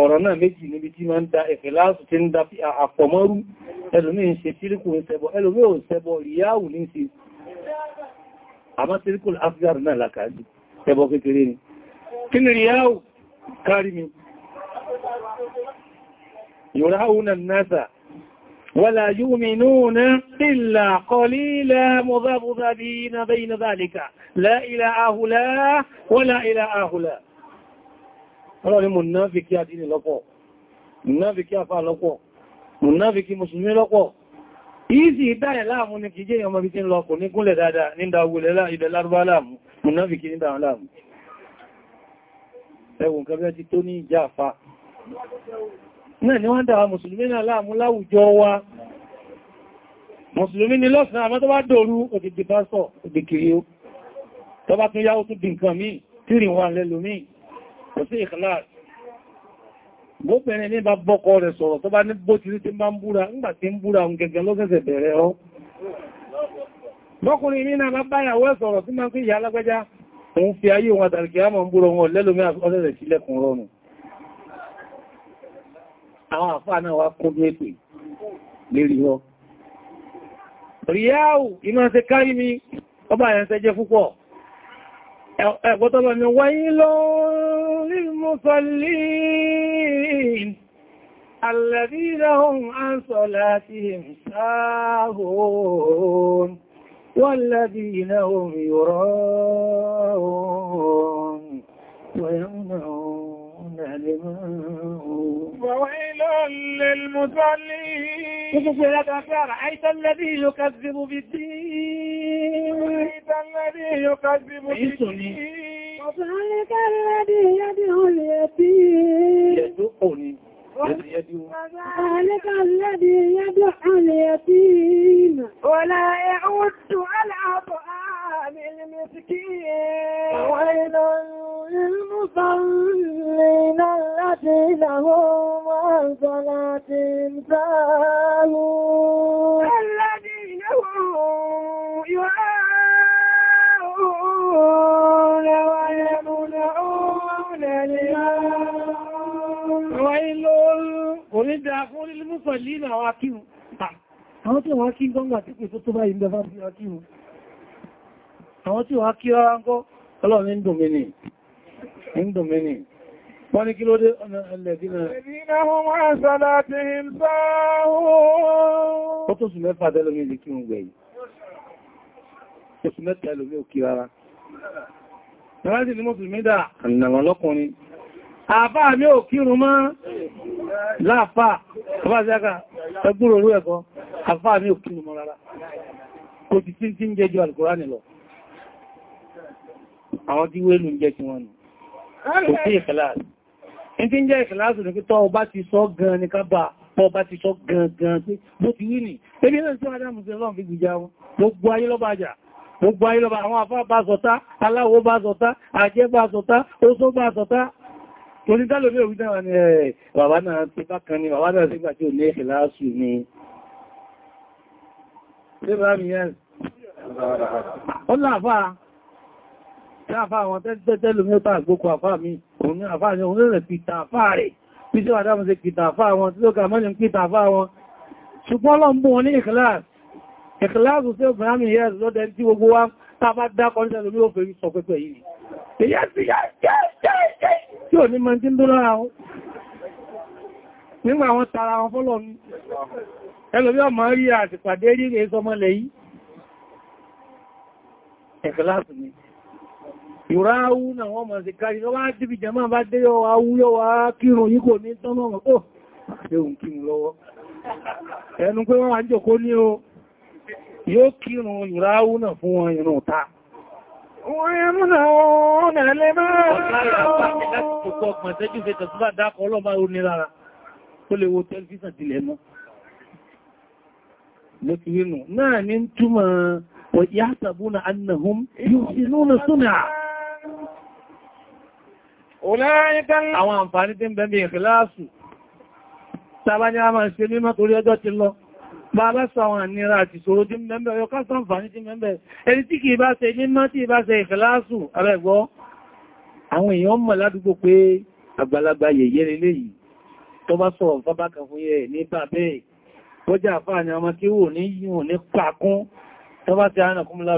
ọ̀rọ̀ méjì níbi tí máa ń da ẹ̀fẹ̀láàsù tí ń da fi àpọ̀mọ́rú ẹlòmí ń ṣe tíríkù ń ṣẹbọ ẹlòmí ò ṣẹbọ ríyáwù ní ṣe àmá tíríkù afghan náà làkàájú ṣẹbọ kékeré ni kí ni ríyáwù kárí mi yòráhùnà náà wala yu'minuna illa qalila mudhabdhabina bayna dhalika la ilaha illa wala ilaha illa ọlọ́ni mùnáfikí àdínì lọ́pọ̀ mùnáfikí àfà lọ́pọ̀ mùnáfikí mùsùlùmí lọ́pọ̀ ìsì ìdáyẹ̀ láàmú ní kìí jẹ́ ọmọ bí tí ń lọ́kùn ní gúnlẹ̀ dáadáa ní ìdáwọlẹ̀ ilẹ̀ lárúbá láàmú mùnáfikí ní dáwọn láàmú ẹwùn kan bí ẹti tó ní ìjà àfà náà ni wọ́n dáwà mùsùlùmí náà láàmú láwùjọ wa mùsùlùmí ni lọ́sàn àmọ́ tó bá dòru òdìdì pásọ̀ òdìkiri ó tó bá tún yáwó tún di nǹkan míì tírì wọn lẹ́lòmíì kò sí ìkìláàsì gbóbìnrin ní bá bọ́kọ rẹ̀ sọ̀rọ̀ tó bá ní bó ti rí tí bá ń búra ńgbà tí ń búra òun gẹ̀gẹ̀ ló ṣẹ̀ṣẹ̀ bẹ̀rẹ̀ ọ́ bọ́kùnrin ní náà báyàwó ẹ̀ sọ̀rọ̀ tí máa ń fi ìyá alágbẹ́já òun fi ayé wọn àtàrí kìí àmọ̀ ń búra wọn lẹ́lómi ọ̀sẹ̀sẹ̀ sílẹ̀kùn rọrùn àwọn àfáà náà wá kún ní èpè للمصلين الذين هم عن صلاتهم ساهون والذين هم يراهون ويمنعون الماء وويل للمصلين رأيت الذي يكذب بالدين رأيت الذي يكذب بالدين وذلك الذي يدعو اليتيم يدعوني وذلك الذي يدعو اليتيم ولا يعد على طعام المسكين ويل للمصلين الذين هم عن صلاتهم ساهون الذين هم يعلمون ní dáa fún onílé mọ́sàn lè ní àwọn akíhù àwọn tí wọ́n kí gọ́ngbà tí pèsè tó bá ìgbẹ̀fà sí akíhù àwọn tí wọ́n kí rárá ń kọ́ ọlọ́rin dòmìnì dòmìnì wọ́n ní kí ló dé ọ̀nà ẹlẹ́dínà ó tó sùn mẹ́fà tẹ́lómi lè kí ń gbẹ̀yìn oṣù mẹ́ta ẹlòmí ò kí rárá àfá mi ò kírun mọ́ láàfá ọba ṣẹ́ka ẹgbúrò orú ẹ̀kọ́ àfá mi ò kírun mọ́ rárá kò sì tí tí ń jẹ́ ju alkùránì lọ àwọn tí wé lù ń jẹ́ tí wọ́n nù kò sí ìkìláàsì ní tí ń jẹ́ ìkìláàsì ní pítọ́ ọba ti sọ gan ní kábà ọba ti sọ gan gan pé bó ti wí nì ebi náà sí wájá mùsùlùmí lọ́n fi gbìjà wọn gbogbo ayé lọ́ba àjà gbogbo ayé lọ́ba àwọn afá bá sọta aláwo bá sọta àjẹ́ bá sọta oṣó bá sọta tó ní tálò ní orí dáwà ní ẹ̀ bàbá náà ti bá kan ní bàbá náà sí gbàtí ò ní ìlàásù ni ṣe bá mi yẹn ó láàfá tí àfá àwọn tẹ́tẹ́tẹ́ lómi ó tà àgbókò àfá mi òun ní àfá ní òun rẹ̀ pìtà àfá rẹ̀ bí sí wàdá mọ́ sí pìtà àfá wọn tí ó kà mọ́ ní pìtà àfá wọn ṣùgbọ́n lọ ń bú ó bìnrin yẹn lọ́dẹ tí tí nígbà wọn tara wọn fọ́lọ̀ ní ẹlòmí ọmọ rí àtìpàdé rí rẹ̀ sọmọlẹ̀ yìí ẹ̀kọ́láàtù ni ìrọ̀ áwú náà wọ́n mọ̀ sí kárí lọ́wọ́ dìbì jẹmọ́ bá dé yọ áwú yọ wá kírun yí kò ní tọ́nà ọ̀pọ̀ ويمنعون لما Ó lè wo tẹ́lifíṣàn tilẹ̀ mọ́. Mo ti wínú. Náà ní túnmọ̀ wà yásàbúnà annahum yóò sí lónà súnà. Àwọn àǹfààní tí ń bẹ̀mí ìkìláàsù, tàbá ní a máa ṣe mímọ́ torí ọjọ́ ti lọ bá lásàwọn ànírà àti ìṣòro tí mẹ́mẹ́ ọyọ́ kásánfàní tí mẹ́mẹ́ ẹni tí kìí bá ṣe mímọ́ tí bá ṣe ìfẹ́láàsù arẹ́gbọ́ àwọn èèyàn mọ̀ ládùúgbò pé àgbàlagbà yẹ̀yẹ́ lélẹ́ yìí tó bá sọ̀rọ̀ fábákà fún yẹ ní bàbẹ́ bọ́jà àfáàní ọmọ kí wò ní yíò ní pàkún tó bá ti àánà kúmùlá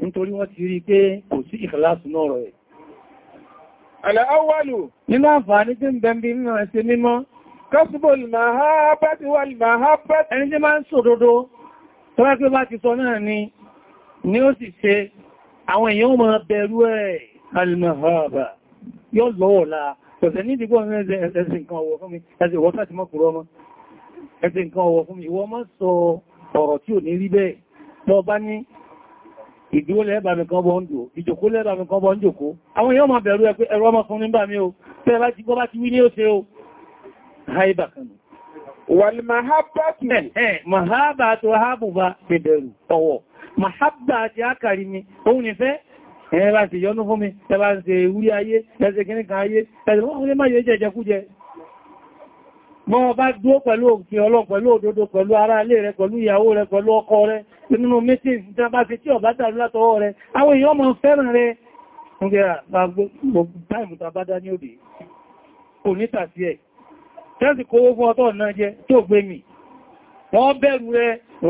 nítorí wọ́n ti rí pé kò sí ìkàlásù náà rọ̀ Àlàáwàlù nínú àǹfààní tí ń bẹ̀m̀bí mímọ̀ ẹ̀sẹ̀ mímọ́, kọ́sùbò ìmàhábẹ́tì wà ìmàhábẹ́tì ẹni tí máa ń sòdodo, tó wá pé bá ti sọ náà ni, ni ó sì ṣe àwọn èèyàn máa bẹ̀rù ẹ̀ alìmọ̀hábà yóò lọ́wọ́lá, tọ̀sẹ̀ ní ìdígbọ́ ẹ̀sìn kan ọwọ́ fún mi, ẹ̀sìn ìwọ́ sáti mọ́ kúrọ́ mọ́, ẹ̀sìn kan ọwọ́ fún mi, ìwọ́ mọ́ sọ ọ̀rọ̀ ìdúró lẹ́bà mi kan bọ́ ń dò ìjòkó lẹ́bà mi kan bọ́ ń jòkó àwọn èèyàn máa bẹ̀rù ẹgbẹ́ ẹ̀rọ ọmọ fún nígbà mi o tẹ́ bá ti gbọ́ bá ti wí ní ó ṣe o haibà kan wàlì mahabba tí ẹ̀ mahabba tó hábù bá bẹ̀rù ọwọ́ mọ́ bá dúó pẹ̀lú òfin ọlọ́run pẹ̀lú òdodo pẹ̀lú ará ilé rẹ pẹ̀lú ìyàwó rẹ pẹ̀lú ọkọ rẹ nínú méjèèjì tí a bá fi tí ọ̀bá dàrú látọwọ́ rẹ àwọn èèyàn mọ́ fẹ́ràn rẹ wọ́n bẹ̀rù rẹ̀ wọ́n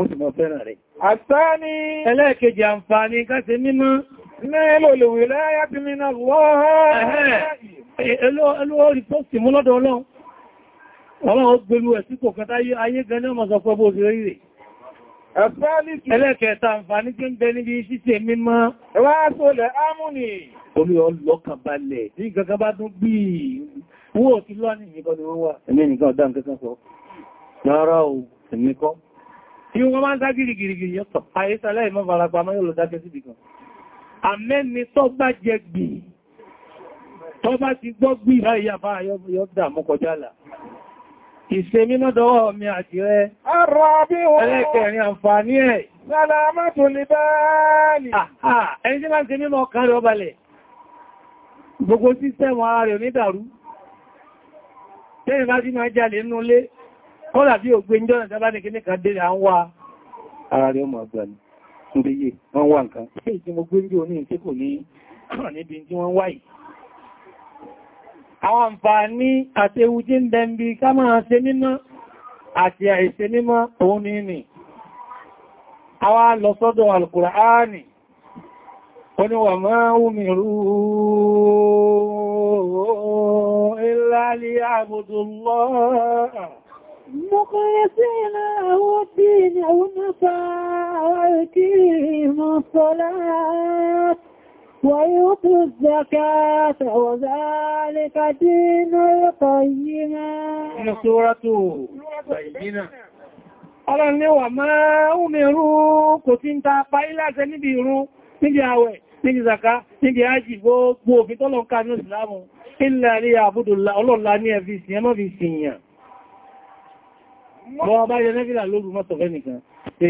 sì mọ̀ fẹ́ràn rẹ̀. àtàní ẹlẹ́ẹ̀kejì àǹfààní káṣe mímọ́ ní ẹlòlòwò ilẹ̀ ayábìnrin náà wọ́n ẹ̀ẹ́ ẹlò orí tó sì mú lọ́dọ̀ ọlọ́run Ọlọ́run ó gbèrú ẹ̀ sí kò kẹta ayé gan ní ọmọ sọ pé bó ti rí rẹ̀. Ẹlẹ́kẹta àǹfàní tí ń bẹ níbi ṣíṣe mímọ́. Ẹwà sólẹ̀ ámúnì. Orí ọlọ́kàn balẹ̀ ní gangan bá tún bí wó ti lọ ní nìkan ni wọ́n wà. Ẹ̀mí nìkan ọ̀dá nǹkan sọ. Rárá o, ẹ̀mí kọ́. Tí wọ́n máa ń dá gìrìgìrì yọ́tọ̀, àyíṣà láì mọ́ farapa mọ́ yóò lọ dákẹ́ síbì kan. Àmẹ́ni tó bá jẹ gbì, tó bá ti gbọ́ gbì láì yàfá yọ́ dàmú kọjá là ìṣẹ́mí lọ́dọ́wọ́ mi àti rẹ ẹlẹ́kẹ̀ẹ́rin àǹfààní ẹ̀ sálámátù libáàlì ẹni tí máa ń ṣe mímọ̀ kan rẹ̀ ọbalẹ̀ gbogbo sísẹ́mù ara rẹ̀ onídàrú tẹ́rin bá sí máa jalè nínú ilé kọ́lá bí ògbé ìjọ́ náà mo gbé ń jò ní ìṣẹ́kò ní níbi tí àwọn àǹfààní àti ewu jí ń dẹ̀m̀bí ká máa ṣe mímọ́ àti àìṣe mímọ́ òun ní nì àwa lọ sọ́dọ̀ oníwà máa umiru illa ويؤتوا الزكاة وذلك دين القيمة من سورة بينة Ọlọ́run ní wà máa ń mẹ́rú kò tí ń ta pa iláṣẹ níbi ìrun, níbi àwẹ̀, níbi zaka, níbi ájì gbogbo òfin tọ́lọ ń ká ní ìsìlámù, ilẹ̀ àrí àbúdò ọlọ́lá ní ẹ̀fì ìsìn ẹmọ́ fi sìnyàn. Wọ́n bá yẹ nẹ́fìlà lóòrùn mọ́tọ̀ fẹ́ nìkan, pé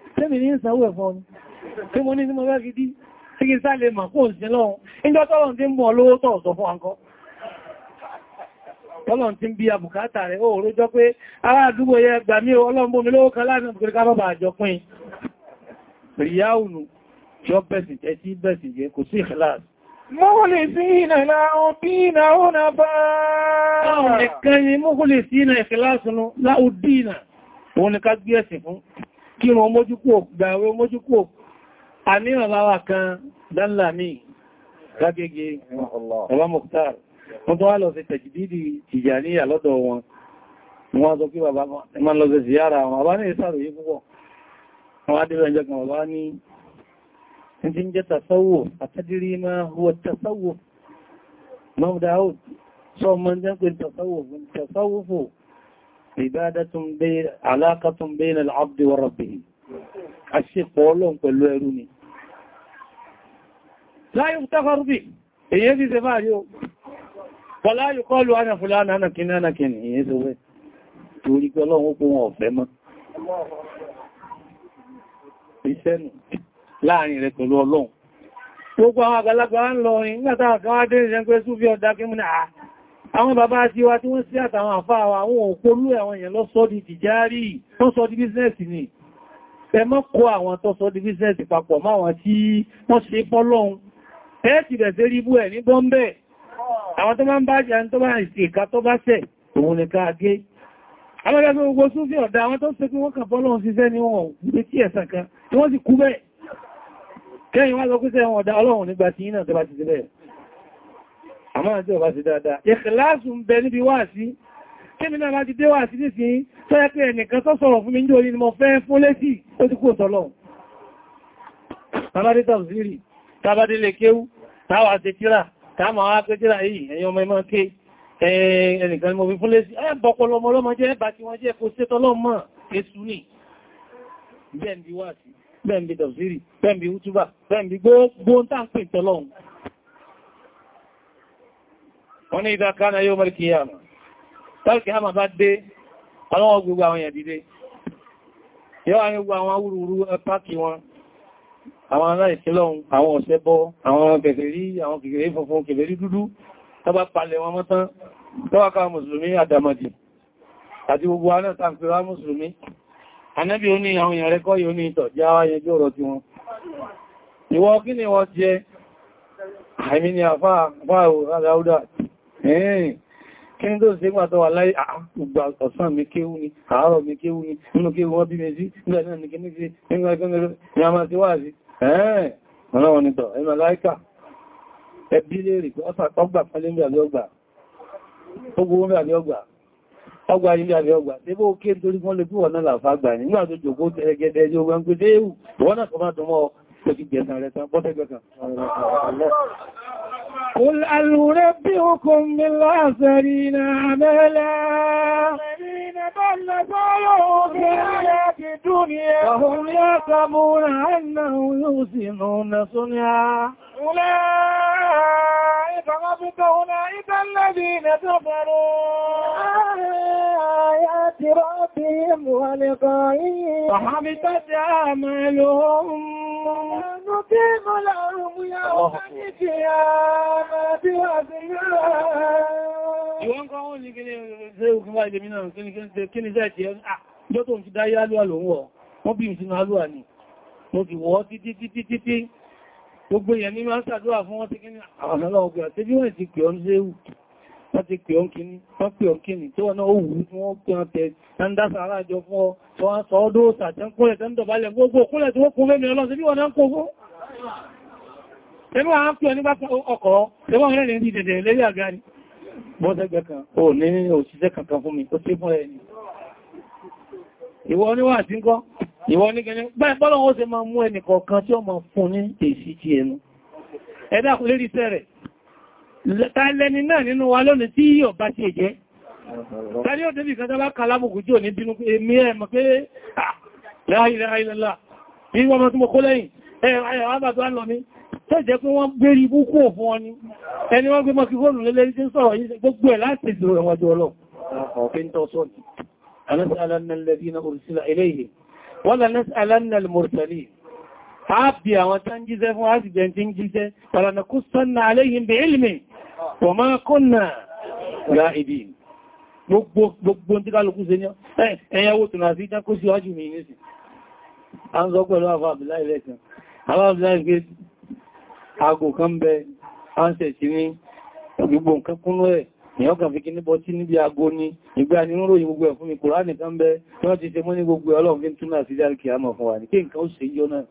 tẹ́mì ní ìsanwó ẹ̀fọ́ ni tí mo ní sí mo bá gidi tí kí sáà lè mà kó sí lọ́run ìjọ tọ́lọ̀n tí ń bọ̀ lówó tọ̀ fún àkọ́ tọ́lọ̀n tí ń bí àbùkátà rẹ̀ ó rójọ́ pé ará àdúgbò yẹ gbà mí òun ni ká gbé ẹ̀sìn fún kírun mójúkò gbàwẹ̀ mójúkò àníyàn láwà kan dánlà ní lágége ọba Mukhtar wọ́n tó wá lọ sí tẹ̀jìdìdì Tìjàníyà lọ́dọ̀ wọn wọ́n sọ kí bàbá ma lọ sí ziyara wọn bàbá ní ìsàrò yí púpọ̀ wọ́n á dìrò ẹjọ́ kan bàbá ní ìbádatún bayna alákàtún bayna al-abdi wa rabbihi àṣepọ̀ ọlọ́run pẹ̀lú ẹrú ni láyé tàkọrùbí èyí ti ṣe máa yóò pọ̀lá yóò kọlu ana fulana ana kìnnà ana kìnnì èyí tó wẹ́ torí pé ọlọ́run ó kó wọn ọ̀fẹ́ mọ́ ìṣẹ́nu láàrin rẹ̀ pẹ̀lú ọlọ́run gbogbo àwọn àgbàlagbà ń lọ ìgbàtà àkọwádé ìṣẹ́ pé súfí ọ̀dá kí mú ní àà àwọn bàbá àti wa tí wọ́n sí àtàwọn àfáà wa àwọn òpólú àwọn èèyàn lọ sọ di tìjárì tó sọ di bísẹ́ẹ̀sì ni ẹ mọ́ kó àwọn tó sọ di bísẹ́ẹ̀sì papọ̀ máwọn tí wọ́n ṣe pọ́lọ́un kẹ́yìn wá lọ pẹ́sẹ̀ wọn ọ̀dá ọlọ́run nígbà tí yínà tó àmọ́ àti ọba sí dáadáa ìkìláàsù ń bẹ níbi wá sí kémi náà láti dé wá sí nísìnyí tó yẹ pé ẹnìkan tó sọ̀rọ̀ fún mi ní orí ni mo fẹ́ fún lésì ó ti kúrò tọ́lọ̀ tàbádé tàbí tàbádé lè kéwú táwà ṣe tíra táàmà wá pé tíra yìí ẹ̀yin ọmọ ẹmọ ké ẹnìkan ni mo fi fún lésì ẹ bọ̀pọ̀lọ ọmọ ọlọ́mọ jẹ́ bá ti wọ́n jẹ́ kó ṣe tọ́lọ́ mọ̀ èsù ní bẹ́ẹ̀ ń bí wá sí wọ́n ní ìdákaná yóò mẹ́rin kí yàmù tàbí kí a máa bá dé àwọn gbogbo àwọn èèyàn dìde yóò wá ní gbogbo àwọn awúrúurú pàkì wọn àwọn aláìsílọ́un àwọn ọ̀sẹ́bọ́ àwọn kèfèrí àwọn kèfèrí funfun kèfèrí dúdú tọ́bá palẹ̀ wọn mọ́ tán tọ́wàká mùsùlùmí ni wọ́n jẹ́ àìmí ni àfáà àfáà kí ní tó ṣe gbà tó wà láyé àgbà ah, ọ̀sán mi kéwú ni àárọ̀ mi kéwú ni inú kéwú wọ́n bí mi sí nígbà náà ní kíní sí nígbà ìgbẹ́gbẹ́rẹ́ ni a máa ti wà sí ẹ̀ẹ́ ọlọ́wọ́n nìtọ̀ ẹ̀mà láìkà ẹbí lè rí pé ọgbà pẹ́lẹ́ ń gbà ọgbà ogun ń gbà قل أن بالآخرين عملا الذين ضل سعيهم في الحياة الدنيا وهم يعلمون أنه يوزنون صنعا أولئك فربك wọ́n bí ìsinmi alúwà ni, mo ti wọ́ títí títí títí gbogbo èèyàn ní máa ń fún wọ́n ti kí ní àwọn ọlọ́ọ̀gbẹ̀ àti bí wọ́n ti pè ọ́n léwu wọ́n ti pè ọ́n kìíní wọ́n pè ọ́n kìíní tí wọ́n náà ó tí wọ́n pè ọ́n tẹ dáńdásà aláàjọ fún ọ tí wọ́n sọ ọdọ́ sàtẹ́kúnlẹ̀ tẹ́ ń dọ̀bálẹ̀ ìwọ oníwà sí ń kọ́ ìwọ ní gẹ́gẹ́ báyìí pọ́lọ̀wọ́ ó ṣe máa mú ẹnìkọ̀ọ̀kan tí ó máa fún ní èsì ti ẹnu ẹ̀dá kò lérí sẹ́rẹ̀ tàílẹni náà nínú wa lónìí tí yíò bá ṣe jẹ́ tàbí ó débì kẹta bá kalábùkù jò ní bínú èmi ẹ̀ mọ̀ pé ah, láìláìlá bí wọ́n mọ́ tí mo kó lẹ́yìn ẹ̀ àbàtọ́ lọ ní tó jẹ́ pé wọ́n gbérí búkú fún ọ ní ẹni wọ́n gbé mọ́ kí fóònù lélẹ́rí tí ń sọ̀rọ̀ yìí gbogbo ẹ̀ láti ìdúró ẹ̀wọ̀n jọ lọ ولنسألن الذين أرسل إليهم ولنسألن المرسلين عبدي وتنجزه وعزب ينجزه ولنقصن عليهم بعلمه وما كنا غائبين gbogbo tí kálùkú se ní ẹyẹwó tó náà sí ìjákó sí ọjú mi ní sí a ń sọ pẹ̀lú àwọn àbìláì lẹ́kan àwọn àbìláì gbé àgò kan bẹ ánsẹ̀ sí ní gbogbo nǹkan kúnnú ẹ̀ èyàn kan fi kí níbọ̀ tí níbi àgò ní ìgbà ni ń ròyìn gbogbo ẹ̀ fún mi Kùránì kan bẹ́ tí wọ́n ti ṣe mọ́ ní gbogbo Ọlọ́run fi ń túnmọ̀ sí dáríkì àmọ̀ fún wa ní kí nǹkan ó ṣe yọ́ náà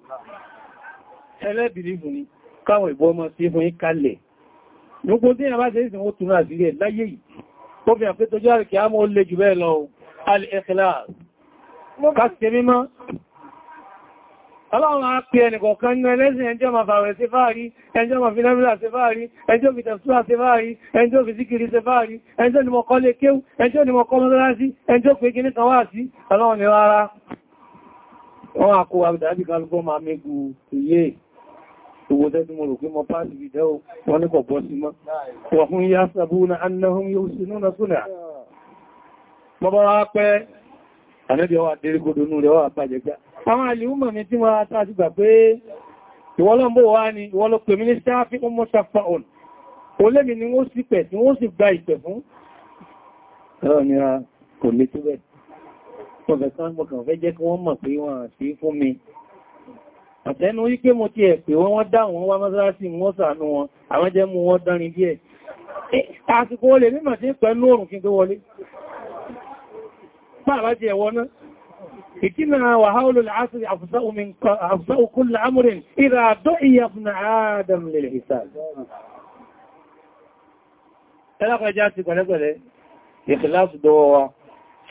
ẹlẹ́bìlìfù ni káwọn ìbọn ọmọ sí fún ìkalẹ̀ gbogbo tí a ṣe ìsìn ó túnmọ̀ sí rẹ̀ láyé yìí tó fi Ọlọ́run á pè ẹnìkọ̀ọ̀kan ní ẹlẹ́sìn ẹjọ́ ma fàwẹ̀ sí fáàrí, ẹjọ́ ma fi lẹ́mìlà sí fáàrí, ẹjọ́ fi tẹ̀sùlá sí fáàrí, ẹjọ́ fi síkiri sí fáàrí, ẹjọ́ ni mọ̀kọ́ lè kéwú, ẹjọ́ ni mọ̀kọ́ mọ́sálásí, ẹjọ́ pé kí ní kan wá sí, ọlọ́run ni rárá. Wọ́n á kó àbìdábì kálùkọ́ máa mẹ́gù iye ìwòdẹ́ tí mo rò pé mọ pàtì ìdẹ́ wọn ní kọ̀ bọ́ àwọn àlìúmọ̀ mi tí wọ́n tàà ti gbà pé ìwọ́lọ́mbò wá ní ìwọ́lọ́pẹ̀ mínísítà fi ọmọ sàfà ọ̀n olèmì ni wọ́n sì pẹ̀ tí wọ́n sì gba ìpẹ̀ fún ẹ̀rọ ni a kò lè tó bẹ̀ ọ̀fẹ́kánmọ̀kàn fẹ́ jẹ́ kí wọ́n mọ̀ pé wọ́n sí fún mi àtẹ́nu wípé mo ti ẹ̀pẹ̀ wọ́n wọ́n dá wọn wá mọ́sálásí wọ́n sàánú wọn àwọn jẹ́ mú wọ́n dánrin díẹ̀ àsìkò olè mímọ̀ sí pẹ̀lú òrùn kí n tó náà إتنا وهول العصر أفضاء كل أمر إذا دعي ابن آدم للحساب ẹlọ́pàá já ti pẹ̀lẹ́pẹ̀lẹ́ ìkìláàsì dọwọ́ wa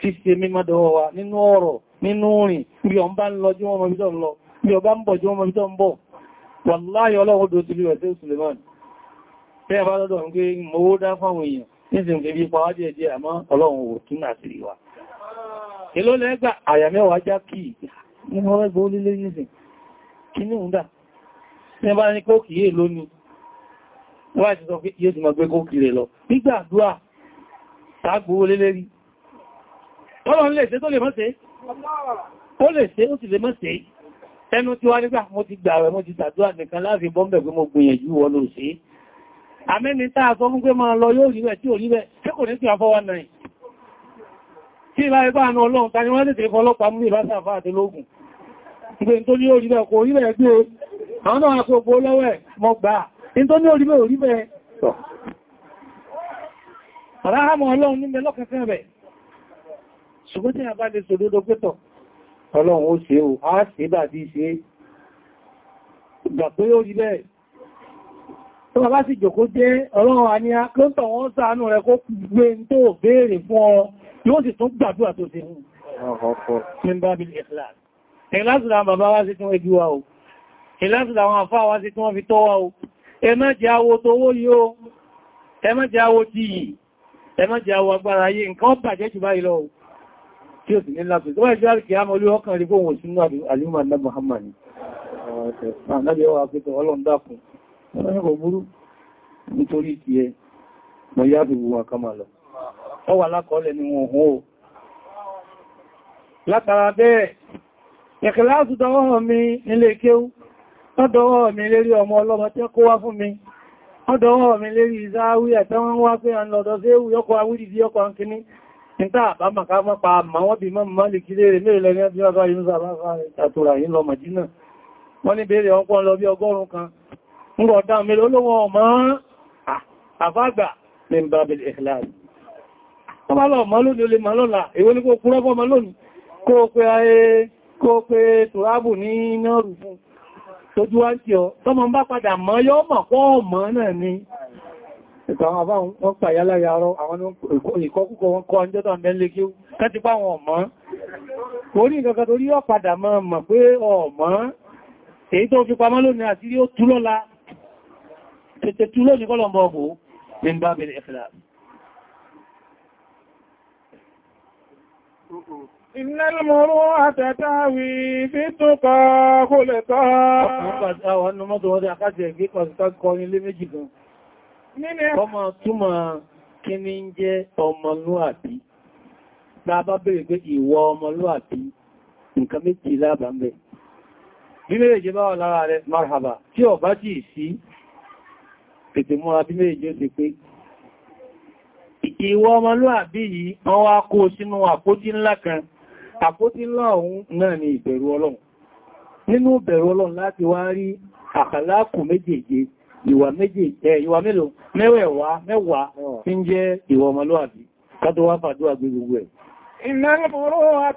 ṣíṣe mímọ́ dọwọ́ wa nínú ọ̀rọ̀ nínú rìn bí ọ bá ń lọ jí wọ́n mọ̀ bítọ̀ ń lọ bí ọ bá ń bọ̀ jí wọ́n mọ̀ bítọ̀ ń bọ̀ wàláyé ọlọ́run dò ti lúwẹ̀ sí Suleiman tẹ́ bá lọ́dọ̀ ń gbé mọ́wó dá fáwọn èèyàn nísìnkẹ́ bí pàwádìí ẹ̀dẹ́ àmọ́ ọlọ́run wò tún àṣírí wa èló lẹ́gbà àyà mẹ́wàá já kí nínú ẹgbẹ́ olílé nìsìn kí ní ìhúndà ní bá ní kókì yé lónìí wọ́n ti sọ pé yóò ti mọ̀ gbé kókì rẹ̀ lọ nígbàdúrà tàgbò olélérí ọlọ́run lè ṣe tó lè mọ́ ṣe ó lè ṣe ó sì lè mọ́ ṣe ẹnu tí wá nígbà mo ti gbà rẹ̀ mo ti tàdúrà nìkan láàrin bọ́m̀bẹ̀ pé mo gbìyànjú tí ìlà ẹgbà àna ọlọ́run ta ni wọ́n lè fọ́lọ́pàá mú ìbáṣà àfá àti lógún ìgbé tó ní orí bẹ́ẹ̀ kò orí àwọn náà àti ògbó lọ́wẹ́ mọ́ tí a bá sì jòkó jẹ́ ọlọ́run àníyá ló ń tọ̀ wọ́n rẹ̀ kó gbé tó béèrè fún ọ yóò sì tún gbàdúrà tó sí ní bábílì ìkìláàsì ìlàsìlà àwọn bàbá wá sí tún ẹjú wa o ìlàsìlà àwọn àfá wá sí tún wọ́n fi tọ́ wa o ẹ má jẹ́ awo tówó yóò ẹ má jẹ́ awo tí yìí ẹ má jẹ́ awo agbára ayé nǹkan bàjẹ́ jù báyìí lọ tí ó sì ní láti tó wà jẹ́ àríkì àmọ́ olú ọkàn rí gbóhùn sínú àlúmà náà Muhammad nítorí ti ẹ mọ̀ yá fi wùwà kama lọ ó wà lákọọ́lẹ̀ ní wọn òun o látara bẹ́ẹ̀ ìkìláàsù dọwọ́ mi nílé kéwú wọ́n dọwọ́ mi lérí ọmọ ọlọ́mọ tí kó wá fún mi wọ́n dọwọ́ mi lérí ìzáwí ẹ̀tẹ́ wọ́n wá pé à ń lọ́dọ̀ sí ewu yọ́kọ̀ awídìdí yọ́kọ̀ nkíní níta àbámàká mọ́pa àmà wọ́n bí mọ́ mọ́ lè kílé rẹ̀ mẹ́rin lẹ́ni ọdún ọba yìí sábà àtòrà yìí lọ màjínà wọ́n ní ọmọ àfágbà ní bábìl ìhìláàlì tó bá lọ mọ́ lónìí ó lè mọ́ lọ́la èwo ní kó kúrọ́gbọ́ mọ́ lónìí kó pé ayé kó pé tòrábù ní náàrù fún tójú wá tí ọ tọ́mọ bá padà mọ́ yọ́ mọ̀ pọ́ mọ́ náà ni èyí tó fi pamọ́ lónìí àti rí ó túlọ́la tètè túlọ́ ní kọ́lọ̀mọ́ ọ̀bọ̀ ní bá bèèrè ẹ̀fẹ́lá Innal murata táwí fi túnkọ kó lè tọ́. Ọkùnrin pàtàkì àwọn ọ̀nà mọ́tò wọ́n dé àkájẹ̀ ìgbé pàtàkì kọrin lé méjì gan. Ọmọ túnmọ̀ kí ní ń jẹ́ ọmọlúàbí. Lábá bèèrè pé ìwọ ọmọlúàbí, nǹkan méjì lábà ń bẹ̀. Bí méjì bá wà lára rẹ̀, marhaba, tí ọ bá jì sí, tètè múra bí méjì ó ti pé ìwọ ọmọlúàbí yìí wọ́n wá kó sínú àpótí ńlá kan àpótí ńlá ọ̀hún náà ni ìbẹ̀rù ọlọ́run nínú ìbẹ̀rù ọlọ́run láti wá rí àkàlákù méjèèje ìwà méjèèje ìwà mélòó mẹ́wẹ̀ẹ̀wá mẹ́wàá tí ń jẹ́ ìwọ ọmọlúàbí kátó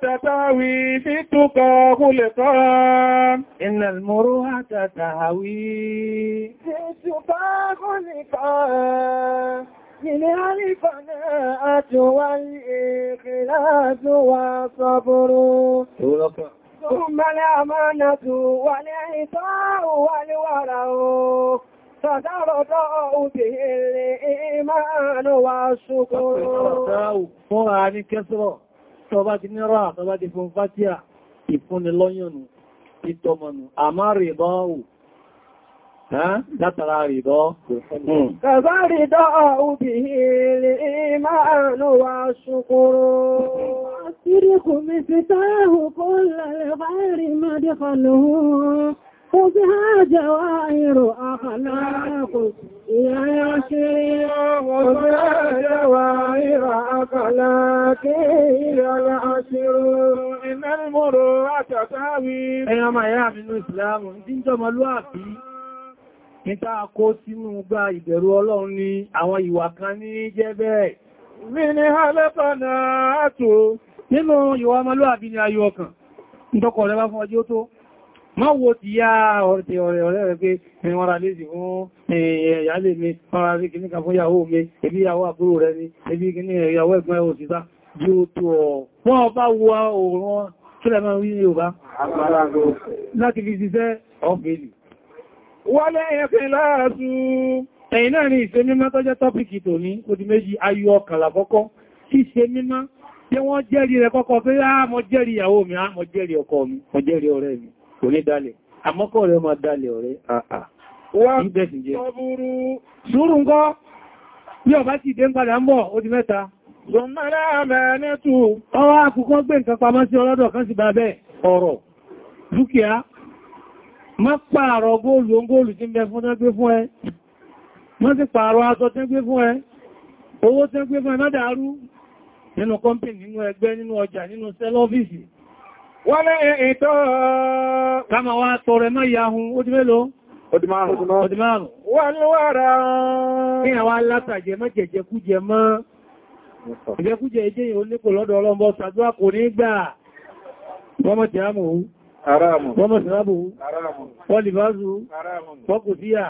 tatawi fi tuqa khulqa Innal muruha tatawi fi tuqa الفناءة والإخلاص والصبر ثم الأمانة والإعطاء والورع Sàdárọ̀dọ́ به الإيمان والشكر. Fọ́nà ní kẹsọ́rọ̀, tọba ti nírọ̀, tọba ti fún fátíà, ìfúnnilọ́yọ̀nù, ìtọmọ̀nù, àmárìbáwò, látara rìdọ́ hmm. kàbá rìdọ́ òbí ilẹ̀ ìmáàlù wa ṣùkúrò síríkù mi fi táàhù kó lẹ́lẹ̀ fáìrì máa dé fàlùhún kò sí hájẹ̀ wá ìrò àkàlákò ìyáyá ṣírí wọ́n sí hájẹ̀ wá ìrò àkàlákì ìrọ̀lá máa yá àmìnú ìsìlámù ní jíjọmọlúwàbí níta kó sínú gba ìbẹ̀rù ọlọ́run ní àwọn ìwà kan ní jẹ́ bẹ́ẹ̀ mi ní alẹ́fànà àtò nínú ìwà ọmọlúwàbí ni ayọ̀ ọkàn ìtọ́kọ̀ rẹ bá fún ọjọ́ tó má wo ti yá ọ̀rẹ́ ọ̀rẹ́ rẹ̀ pé ẹ̀wọ̀n ara léèsì fún ìyálé mi ọ̀rọ̀ àrí kìníkà fún ìyàwó mi ẹbí ìyàwó àbúrò rẹ̀ ni ẹbí kìní ìyàwó ẹ̀gbọ́n ẹ̀ òsìta jí ó tó ọ̀ wọ́n bá wo òòrùn kílẹ̀ wọ́lẹ̀ ẹ̀fẹ́ láàásù ẹ̀yìn náà ni ìṣe mímọ́ tó jẹ́ tọ́pìkì tò ní odi méjì ayò ọkànlá kọ́kọ́ tí ṣe mímọ́ tí wọ́n jẹ́rìí rẹ̀ kọ́kọ́ pé á ah, mọ́ jẹ́rìí ìyàwó mi á ah, mọ́ jẹ́rìí ọkọ mi mọ́ jẹ́rìí ọ̀rẹ́ mi kò ní dalẹ̀ àmọ́kọ́ rẹ̀ máa dalẹ̀ ọ̀rẹ́ àà bí ọba ti dé ń padà ń bọ̀ ó di mẹ́ta ṣùgbọ́n àmẹ́ẹ̀ẹ́nẹ́tù ọwọ́ àkùkọ́ gbé nǹkan pamọ́ sí ọlọ́dọ̀ kan sì bá bẹ́ẹ̀ ọ̀rọ̀ dúkìá Ma pààrọ̀ góòlù góòlù tí ń tẹ́gbé fún ẹ Ma sì pààrọ̀ aṣọ tẹ́gbé fún ẹ owó tẹ́gbé fún ẹ má dàárú nínú kọ́mpìn nínú ẹgbẹ́ nínú ọjà nínú sẹ́lọ́fíìsì wọ́n lẹ́ ètò kama wá lọ́dọ̀ ọlọ́mọ sàdúrà kò ní gbà wọ́n mọ́ mọ̀ wọ́n mọ̀ sínábò wọ́n lìbázù wọ́n kò sí yà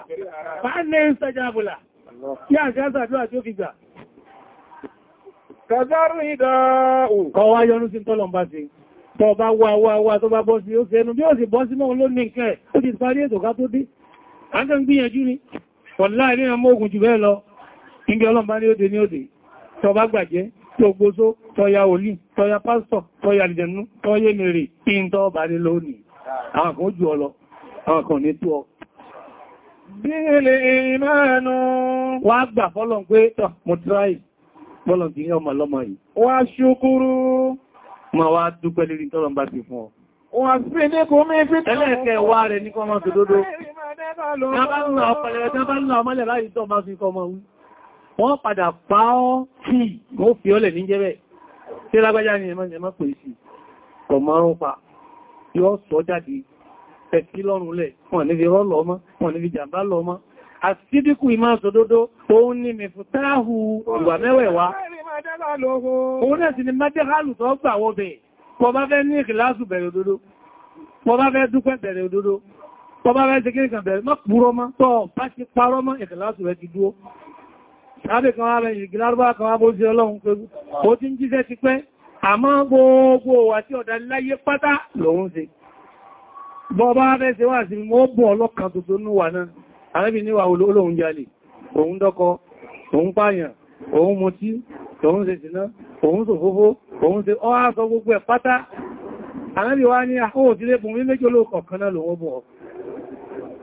bá ní ìsẹjábùlà tí a jẹ́ sàdúrà tí ó fi gbà kàzárù ìdáhù kọ wá yọnú sí tọ́lọ̀ bá sí tọ́ bá wà wà wà tó bá bọ́ sí ó sẹ́nu bí ó sì bọ́ sí mọ́ ló ní nǹkan ẹ̀ ó ti parí ètò ká tó dé a ń gbìyànjú ni wọ̀n láì ní ọmọ ogun jù bẹ́ẹ̀ lọ ìgbẹ́ ọlọ́mbá ní ó dé ní gbogbozó tọ́ya olí tọ́ya pásítọ̀ tọ́ya àlìjẹ̀nú tọ́yé mèrè tí ń tọ́ bàrí lónìí àwọn kan jù ọ lọ àwọn kan ní tó ọ bílẹ̀ ìmẹ́nu wá gbà fọ́lọ̀ pé tọ́ mo tíráì fọ́lọ̀ tí ọmọ lọ́mọ yìí wá ṣúkúrú ma wá dúpẹ́ lérí tọ́lọ̀ bá ti fún ọ wọ́n ní kò mí ẹlẹ́ẹ̀kẹ́ wá rẹ̀ ní kọ́ wọ́n padà pa ọ́ tí ó fi ọlẹ̀ ní jẹ́bẹ̀ tí lágbàjá ní ẹmọ́ ẹmọ́ pè sí kọ̀ márùn pa yóò sọ jáde pẹ̀sí lọ́rùn lẹ̀ wọ́n ní fi rọ́lọ́ ọmọ wọ́n ní fi jàmbá lọ ọmọ àsídíkù ìmá sọdódó òun ni mẹ́fùtáhù ìwà mẹ́wẹ̀wá òun náà sì ni májẹ́hálù tó gbà wọ́bẹ̀ pọ̀ bá bá fẹ́ dúpẹ́ bẹ̀rẹ̀ òdodo pọ̀ bá fẹ́ tàbí kan wá rẹ̀ ìgbìlárúbá kan wá bó sí ọlọ́run pẹ̀lú ó ti ń jíṣẹ́ ti pẹ́ àmọ́ gbogbo wà tí ọ̀dá láyé pátá lòun ṣe bọ́ọ̀bá rẹ̀ ṣe wà sí mọ́ bọ̀ ọlọ́kan tuntun ní wà náà àrẹ́bì níwà olóhun jalè òun dọ́kọ òun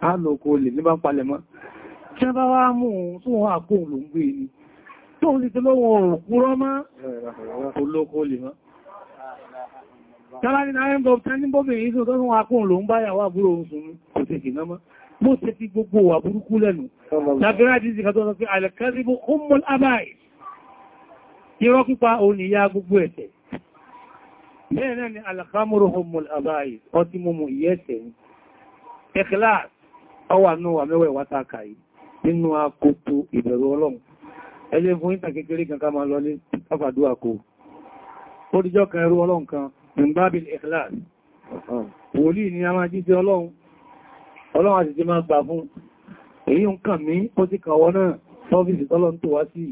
á lọ oko olè ní bá palẹ̀ mọ́ tí a bá wá mú un tó wọ́n àpò òun ló ń ni tó ń ti lọ́wọ́ òkúrọ́ mọ́ olóko olè mọ́ Tàbí náà ẹ̀mọ́ tẹ́lẹ̀bọ́bìnrin tó tọ́nà akún ló ń báyàwó àbúrò oṣùn kò tẹ́kì náà mọ́. Mo ṣe ti gbogbo wà burúkú lẹ́nu. Tàbíra jí tó sọ pé alẹ́kẹ́síbò ọmọ ni alẹ́kàmúrò ọmọ àbáyì, ọtí mọ́mọ̀ ìyẹ́ṣẹ̀ ni. Ẹ̀kìláàsì, ọwà náà mẹ́wẹ̀ wátàkà yìí nínú akoto ìbẹ̀rù ọlọ́run ẹlẹ́ fún ìta kékeré kankan máa lọlé káfàdúwà kò ó díjọ́ kan ẹrú ọlọ́run kan mimbabil ikhlas wòlíì ni a máa jíjẹ ọlọ́run ọlọ́run àti ti máa gbà fún èyí ń kàn mí ó ti kàwọ́ náà sọ́fíìsì tọ́lọ́n tó wá sí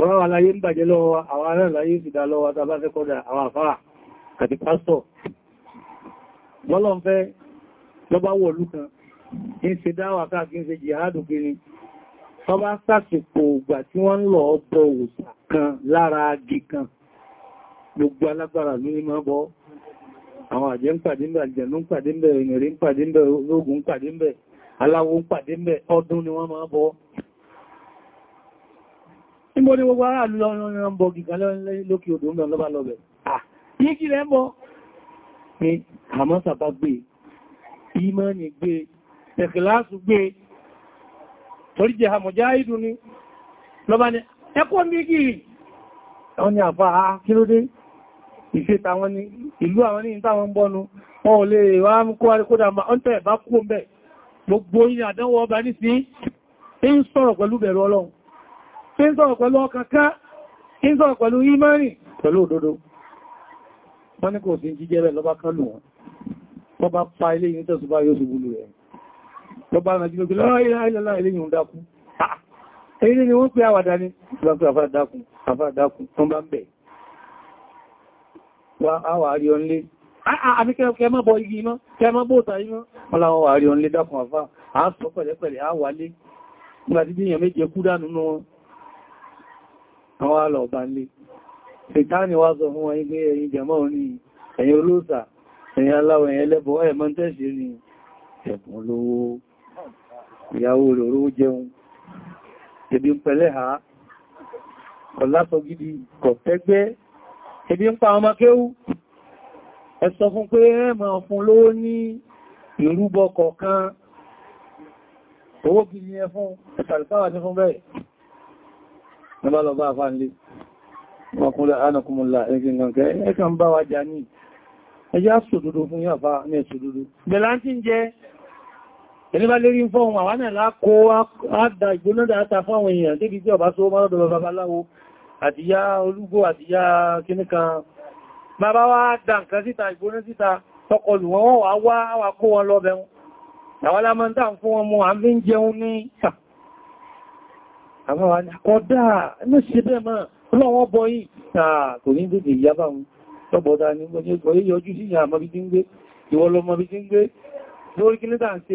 ọlọ́run aláyé ń bàjẹ́ lọ́wọ́ ń ṣe dáwà káàkiri ṣe jihadu kiri tó bá sàṣìpò ògbà tí wọ́n ń lọ ọbọ̀ òsà kan lára agi kan gbogbo alágbára ló ní máa bọ́ àwọn àjẹ́ ń pàdé ń bẹ̀ àjẹ̀nú ń pàdé ń bẹ̀ ìrìnrìn ń pàdé ń bẹ̀ ológun ń pàdé ń bẹ̀ aláwo ń pàdé ń bẹ̀ ọdún ni wọ́n máa bọ́ níbo ni gbogbo aráàlú lọ́rọ̀ ń bọ̀ gìgà lókè odò ń bẹ̀ lọ́bà lọ́bẹ̀ yìí kí lẹ́ ń bọ̀ ni àmọ́sà bá gbé ìmọ́ ni gbé ẹ̀kìláàsù gbé e. torí jẹ́ àmọ̀já ìdù ni lọ́bá ni ẹkọ́ méjìrì ẹwọ́n ni àfá kílódé ìṣẹ́ta wọn ni ìlú àwọn ní ìta wọn bọ́nu wọn ò lè wá kó kódà ma ọ́n bá kú mẹ́ gbogbo yìí àdánwò ọba ní sí wọ́n ní kò sí jíjẹ́ rẹ̀ kánù wọn lọ́bá rẹ̀ jílógí lọ́rọ̀ ilẹ̀ ìhùn dákun. Èyí ni wọ́n pé àwàdà ní ìgbàkú àfáà dákun, àfáà dákun, tó bá ń bẹ̀. Wà áwà àrí ọ̀nlé. Àbí kẹ́ mọ́ bọ igi iná, kẹ́ mọ́ bóòtà iná, wọ́n láwọ́ àrí ọ̀nlé dákun àfáà, à ń sọ pẹ̀lẹ́pẹ̀lẹ́ àwálé, nígbà tí èèyàn méje kú dánú nú wọn. Àwọn alọ̀ ọ̀bá ń lé. Ṣètáni wá sọ fún wọn pé ẹ̀yin jẹ̀mọ́ orí, ẹ̀yin olóòsà, ẹ̀yin aláwọ̀ ẹ̀yin ẹlẹ́bọ̀ ẹ̀mọ́ tẹ́ṣì rí ẹ̀bùn lówó ìyàwó rẹ̀ oró jẹun ebi ń pẹ̀lẹ́ ha kọ̀lásọ gidi kọ̀tẹ́gbẹ́ ebi ń pa ọmọ kéwú ẹ sọ fún pé ẹ̀mọ̀ fún ló ní ìrúbọ kọ̀ọ̀kan owó gidi ẹ fún ẹ̀sàlùkáwà ní fún bẹ́ẹ̀ ní bá lọ bá àfáà nílé wọn kúnlẹ̀ ánàkúnmọ̀lá ẹgbẹ̀ nǹkan ẹ̀kàn bá wájá ní ẹjá sòdodo fún yàfá ní ẹ̀sòdodo bẹ̀lá ń tí ń jẹ́ ẹni bá lérí ń fọ́hun àwọn náà lákó àdá ìgbónádà àta fáwọn èèyàn débi tí ọba tó mọ́rọ̀dọ̀ babaláwo àti ya olúgbò àti ya kíníkan bàbá wá dá nǹkan síta ìgbóná síta tọkọlù wọn wà wá wà kó wọn lọ́bẹ̀un àwọn alámọ́ntà ń fún wọn mú à ń fi ń jẹun ní ìta àwọn àkọ́dá ní ṣe bẹ́ẹ̀ mọ́ ọlọ́wọ́ bọ́ yìí àà kò ní dìde ìyábà wọn tọ́bọ̀dá ní gbogbo yọjú sí ìyà gbé lórí kí ní tàà ń ṣe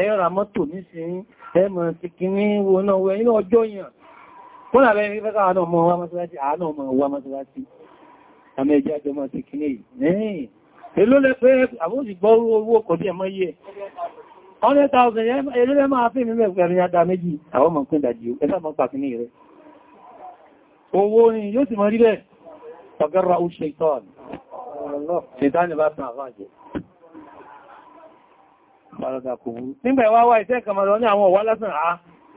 ẹ̀rà mọ́tò nísìnyí ẹmọ̀ ti kìíní wo náà wẹ nínú ọjọ́ yàn wọ́n àbẹ́ rí fẹ́kà àwọn ọmọ wa mọ́síláti àánà ọmọ wa mọ́síláti àmì ẹjẹ́ àjọ mọ́ ti kìíní yìí èló lẹ pé àbúrúsì gbọ́ owó kò bí ẹmọ yìí 100,000 èló lẹ máa fíìmì mẹ́fẹ̀rin adá méjì àwọn ọmọ pín ìdàjì ẹsà mọ́ pàkíní rẹ̀ owó ni yóò sì mọ́ rí bẹ́ẹ̀ ọgọ́rọ̀ ó ṣe ìtọ́ Bárọ́dà kò burú. Nígbà ìwá wá iṣẹ́ kàmàlọ́ ní àwọn ọ̀wá lásán àá,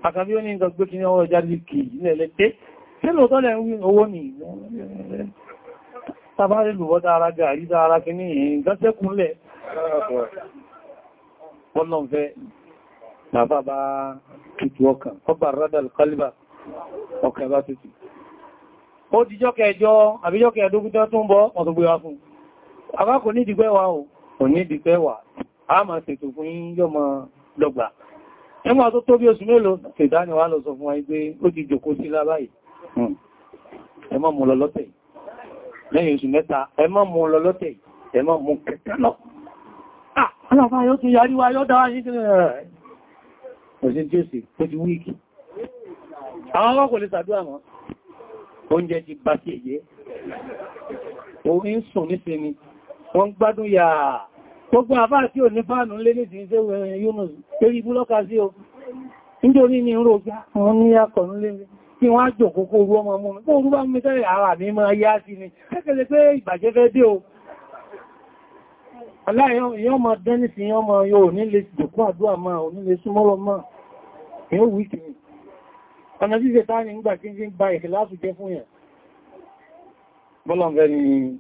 àkàbí ó ní nǹkan gbé kí ní ọwọ́ ìjáde kì í nílẹ̀ tẹ́. Ṣé lóòtọ́ lẹ́ ń wí owó nì? Tàbárí lùwọ́ dára gàrí dára kì ní ìgbásẹ́kúnlẹ̀. Ọlọ́nfẹ́, bàbá bá tutù ọkàn, ọba rádà kálíbà, ọkàn bá tutù. Ó dijọ́ kẹjọ, àbíjọ́ kẹjọ tó ń bọ́, wọ́n tó gbé wá fún. Àbá kò ní ìdìgbẹ́ wa ò, kò ní ìdìgbẹ́ wa a máa ṣètò fún yọ́mọ lọ́gbà nígbà tó tó bí oṣù mélòó ṣèdá ni wà lọ sọ fún wa pé ó ti jòkó sí lábáyìí hmm. ẹ má mú lọ lọ́tẹ̀ lẹ́yìn oṣù mẹ́ta ẹ má mú lọ lọ́tẹ̀ ẹ mú kẹ̀kẹ́ lọ aláfà ń gbádùn yàá gbogbo àbá tí ò ní fáànù lé ní ìdíje wẹ̀rẹ̀ Yunus lórí ibú lọ́ka sí o nítorí ní irú ọjá wọn ní akọ̀nú lé kí wọ́n á jò kókó orú ọmọ mú kó orú bá mú tẹ́lẹ̀ ara mi máa yá sí ni kẹ́kẹ́lẹ́ pé ìbàjẹ́ fẹ́ dé o aláyọ́mọ dẹ́nìsì yọ́mọ yóò nílé jòkó àdúrà máa ò nílé súnmọ́lọ máa yóò wíkì ni ọ̀nà jíse táà ní ìgbà kí ń ba ìkì láti jẹ́ fún yẹn bọ́lọ̀ bẹ́ni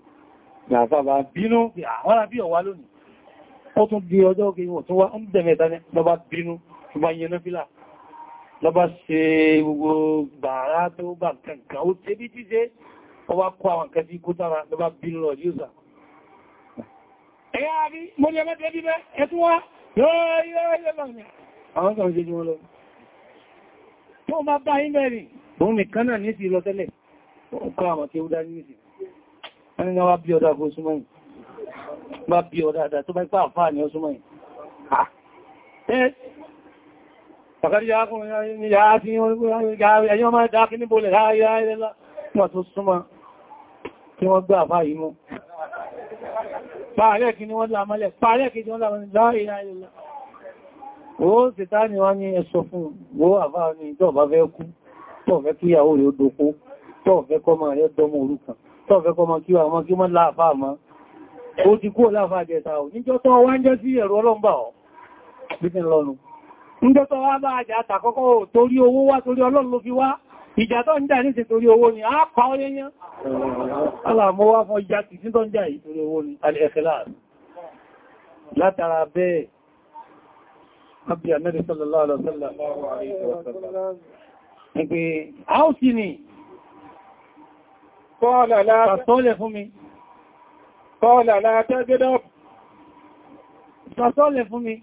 làfàbà bínú àwọn àbí ọ̀wá lónìí ó tún di ọjọ́ ogun ìwọ̀n tún wá ń dẹ̀mẹ̀ta ní lọba bínú lọba yẹnà fílà lọba ṣe gbogbo gbàrá tó bà kankan ó tẹ́ bí jíjẹ́ ọba kọ àwọn nǹkan sí kútara lọba bínú lọ yíòsà tó bá bá yí mẹ́rin bó nìkan náà ní sí lọ tẹ́lẹ̀ ó kọ́ àwọn tí ó dá ní ìsìn wọ́n ni wọ́n bí ọdá kó súnmọ́ bá bí ọ dáadáa tó bá ipá àfáà ní ọsúnmọ́ yìí Fàkàrí yákùnrin ni yáá tí ẹ̀yọ́ máa dákí níbo lè ráyá ẹlẹ́lá nígbà tó súnmọ́ kí wọ́n gbá àfáà yìí mú. Pààrẹ́ kí ni wọ́n lámọ́lẹ̀, pààrẹ́ kí ni wọ́n lámọ́lẹ̀ láàrínà ẹlẹ́lá. Ó sì tá ni wọ́n ní ẹsọ fún wó àfáà ní ìjọba fẹ́ kú, tọ́ọ̀fẹ́ kí ìyàwó rẹ̀ ó ti kú ọláfà jẹta ò níjọ́ tó wá ń jẹ́ sí ẹ̀rọ ọlọ́mbà ọ̀ bíkí lọ́nu níjọ́ tó wá bá àjà àtàkọ́kọ́ ò torí owó wá torí ọlọ́run ló fi wá ìjà tó ń jà ní torí ni a pa ó yẹnyán alàmọ́wá fún ìjà tí sí tó ń jà yìí torí owó ni al-ikhlas sallallahu alaihi wasallam. Ìgbé, a ó sí ni, kọ́ ọ̀lá fún mi, Kọ́ọ̀lá látẹ́ gẹ́dọ̀ sọ̀sọ́lẹ̀ fún mi,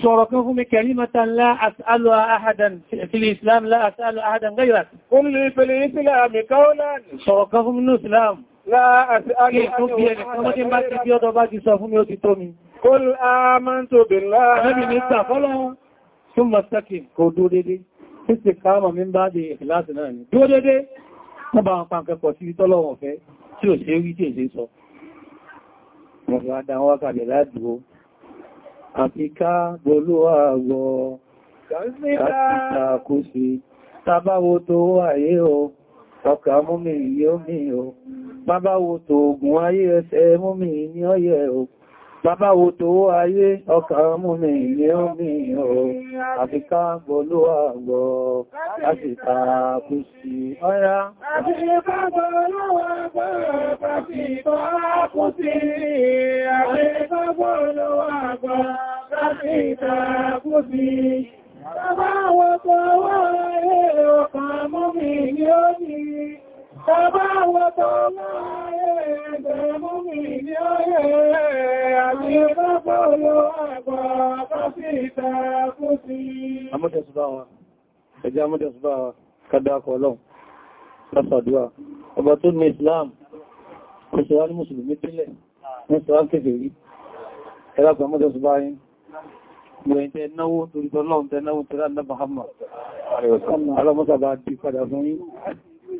sọ̀rọ̀ kan fún mi kalimatan la as'alu ahadan fil islam la as'alu ahadan ghayrak. Qul li fil islam qawlan. Sọ̀rọ̀ kan fún mi ní islam. La as'alu ahadan. Qul amantu billah. Sun mastakin ko dúdédé, títí káàmà mín bá di ìfìlásì náà ni. Dúdédé, wọ́n bá wọn pàǹkẹ́kọ̀ọ́ tí ò ṣe rí tí è ṣe sọ wọ́n fi adá wọ́n kàbẹ̀ ládùúgbò àfiká gbolówà gbọ́ kàfíkà kú sí tó wáyé o ọkà múmi yóò mi o bábáwo tó ogun ayé ẹsẹ̀ múmi ní ọyẹ o Bàbá wo tó ayé ọkà mú mi ní omi o, àfikà gbọ́lú àgbọ̀, àfikà kú sí ọ́yá. Àfikà gbọ́lú àgbọ̀, àfikà kú sí, àfikà Bàbá wo tó ayé ọkà mú ní omi Bàbá Ọba tó ní Islam, kò ní Mùsùlùmí tẹ́lẹ̀, ní ṣe wá kéfèé rí. Ẹlápẹ̀ amúdẹ̀sùbáwà yìí, gbẹ̀yìn tẹ́ náwó torítọ́lọ́run tẹ́ náwó tẹ́lá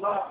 الله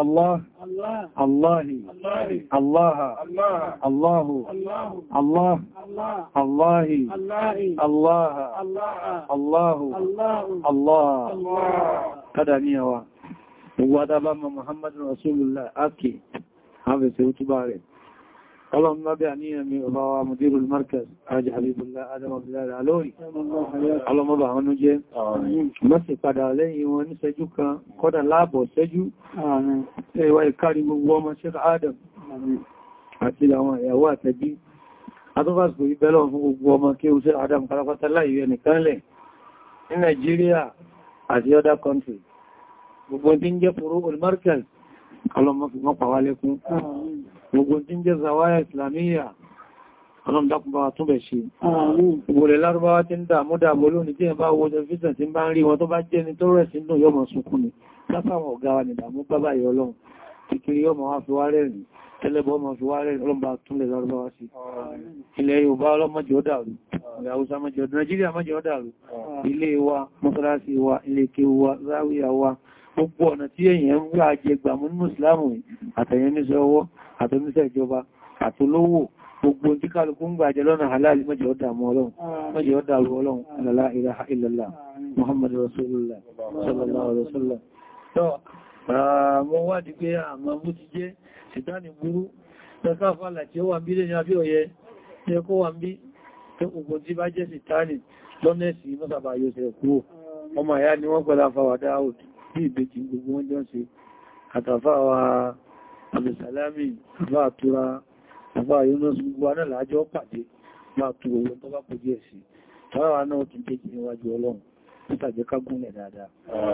الله الله الله الله الله الله الله الله الله kádàníyàwó gbogbo adábámọ̀ Muhammadun Rasulullah ákì hafi sí ó túbá rẹ̀ اللهم بأنينا من أبوا مدير المركز حاج حبيب الله آدم عبد الله العلوي اللهم بها من نجيم مسي قد عليه ونسجك قد لاب وسجو ويكارم وما شيخ آدم àti àwọn ìyàwó àtẹ́bí atọ́fàsìkò ìbẹ́lọ̀ fún gbogbo ọmọ kí ó sí Adam karapata láìwé ẹnìkan lẹ̀ ní Nigeria àti other country gbogbo tí ń jẹ́ fòrò olmarkaz alọ́mọ́fìmọ́pàwálẹ́kún gbogbo tí ń jẹ́ zawaya islamiyya ọlọ́run dákun bá wa tún bẹ̀ ṣe ìwòlẹ̀ lárúbáwá tí ń dààmú dààmú lónìí tí ẹ bá wo jẹfíṣẹ̀ tí ń bá ń rí wọn tó bá jẹ́ ni tó rẹ̀ sínú yọmọ sunkún ni lápáwọn ọ̀gá wa nìdàmú bábá yọ ọlọ́run wa mọ́sálásí wa ilé kéwú wa záwíyà wa gbogbo ọ̀nà tí ní mùsùlámù àtẹ̀yẹn ní sọ àtọ́níṣẹ́ ìjọba àtolówó gbogbo tí kálukú ń gbàjẹ lọ́nà halali mẹ́jẹ̀ ọ́dà mọ́ ọlọ́run mẹ́jẹ̀ ọ́dà rú ọlọ́run la ilaha illallah muhammadu rasulullah sallallahu alaihi wasallam tó mo wádìí pé àmà bú ti jẹ́ sìtáni burú tọ́káfàlà tí ó wà bí lẹ́yìn abí ọ̀yẹ́ ní ẹkọ́ wà bí tó gbogbo tí bá ni wọ́n pẹ̀lá fàwàdá òdì bí ìbejì gbogbo wọ́n jọ́ sí àtàfà wa àbẹ̀sàlámì bá àtúra àbá Yunus gbogbo aná làájọ́ pàdé bá àtú owó tó bá kò díẹ̀ sí tọ́wà náà tún kéjì níwájú ọlọ́run títàjẹ́ ká gúnlẹ̀ dáadáa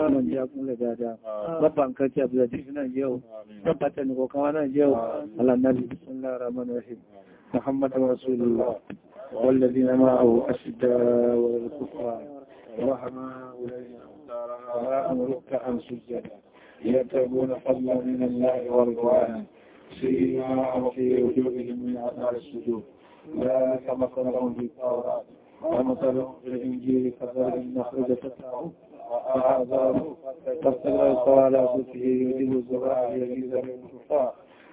ọmọ jẹ́ gúnlẹ̀ dáadáa bápa nǹkan tí àbúrà tí náà jẹ́ o bápa tẹnukọ̀kan wá náà jẹ́ o muhammad rasulullah والذين معه أشداء ولا الكفار رحمة أولئك أمرك أن سجدا يتبون فضلا من الله ورضوانا سيما في وجوههم من أثار السجود ذلك مثل لهم في التوراة ومثلهم في الإنجيل كذلك المخرج فتاه وآذاره فاستغرق على صوته يجيب الزراع يجيز الكفار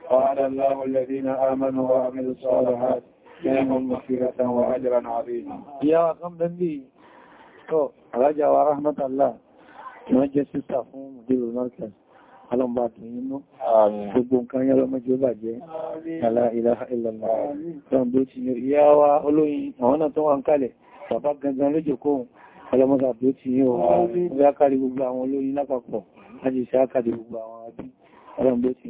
قال الله الذين آمنوا وعملوا الصالحات لهم مغفرة وأجرا عظيما يا غم بندي رجا ورحمة الله tí wọ́n jẹ́ sísà fún mùdílò Markaz alọ́mbà tìyínú gbogbo nǹkan yẹ́ lọ́mọdé ó bàjẹ́ ala ilaha illallah ọ̀rọ̀ bí ó ti yẹ ìyá wa olóyin àwọn náà tó wà ń kalẹ̀ bàbá gangan lójókòó ọlọ́mọ́sà tó ti yí ọ̀rọ̀ ọ̀rẹ́ akárí gbogbo àwọn olóyìn lápapọ̀ láti ṣe ákàdé gbogbo àwọn àbí ọlọ́mọ́ tí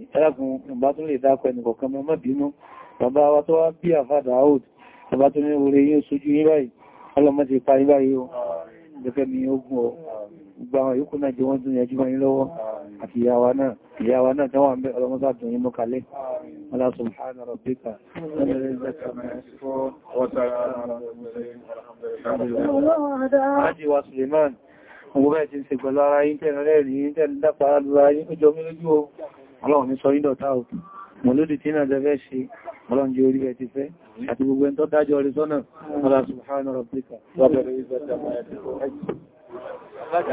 ẹlákùn ìbá gbogbo àwọn yòókù náà jẹ wọ́n tún yẹjú wọ́n lọ́wọ́ àti ìyàwó náà ìyàwó náà tán wà ń bẹ́ ọlọ́mọ́sá dùn yí mú kalẹ̀ wala subhana rabbika wa Suleiman ọmọ bẹ́ẹ̀ ti ń ṣe pẹ̀lú ara yín tẹ́rẹ rẹ̀rìn tẹ́rẹ dápàá lọ́ra yín ojú omi lójú o ọlọ́run ní sọ yín dọ̀tá o mọ̀lódì tí náà jẹ́fẹ́ ṣe ọlọ́run jẹ́ orí ẹ̀ ti fẹ́ àti gbogbo ẹn tó dájọ́ orí sọ́nà ọlá subhana rabbika Bàbá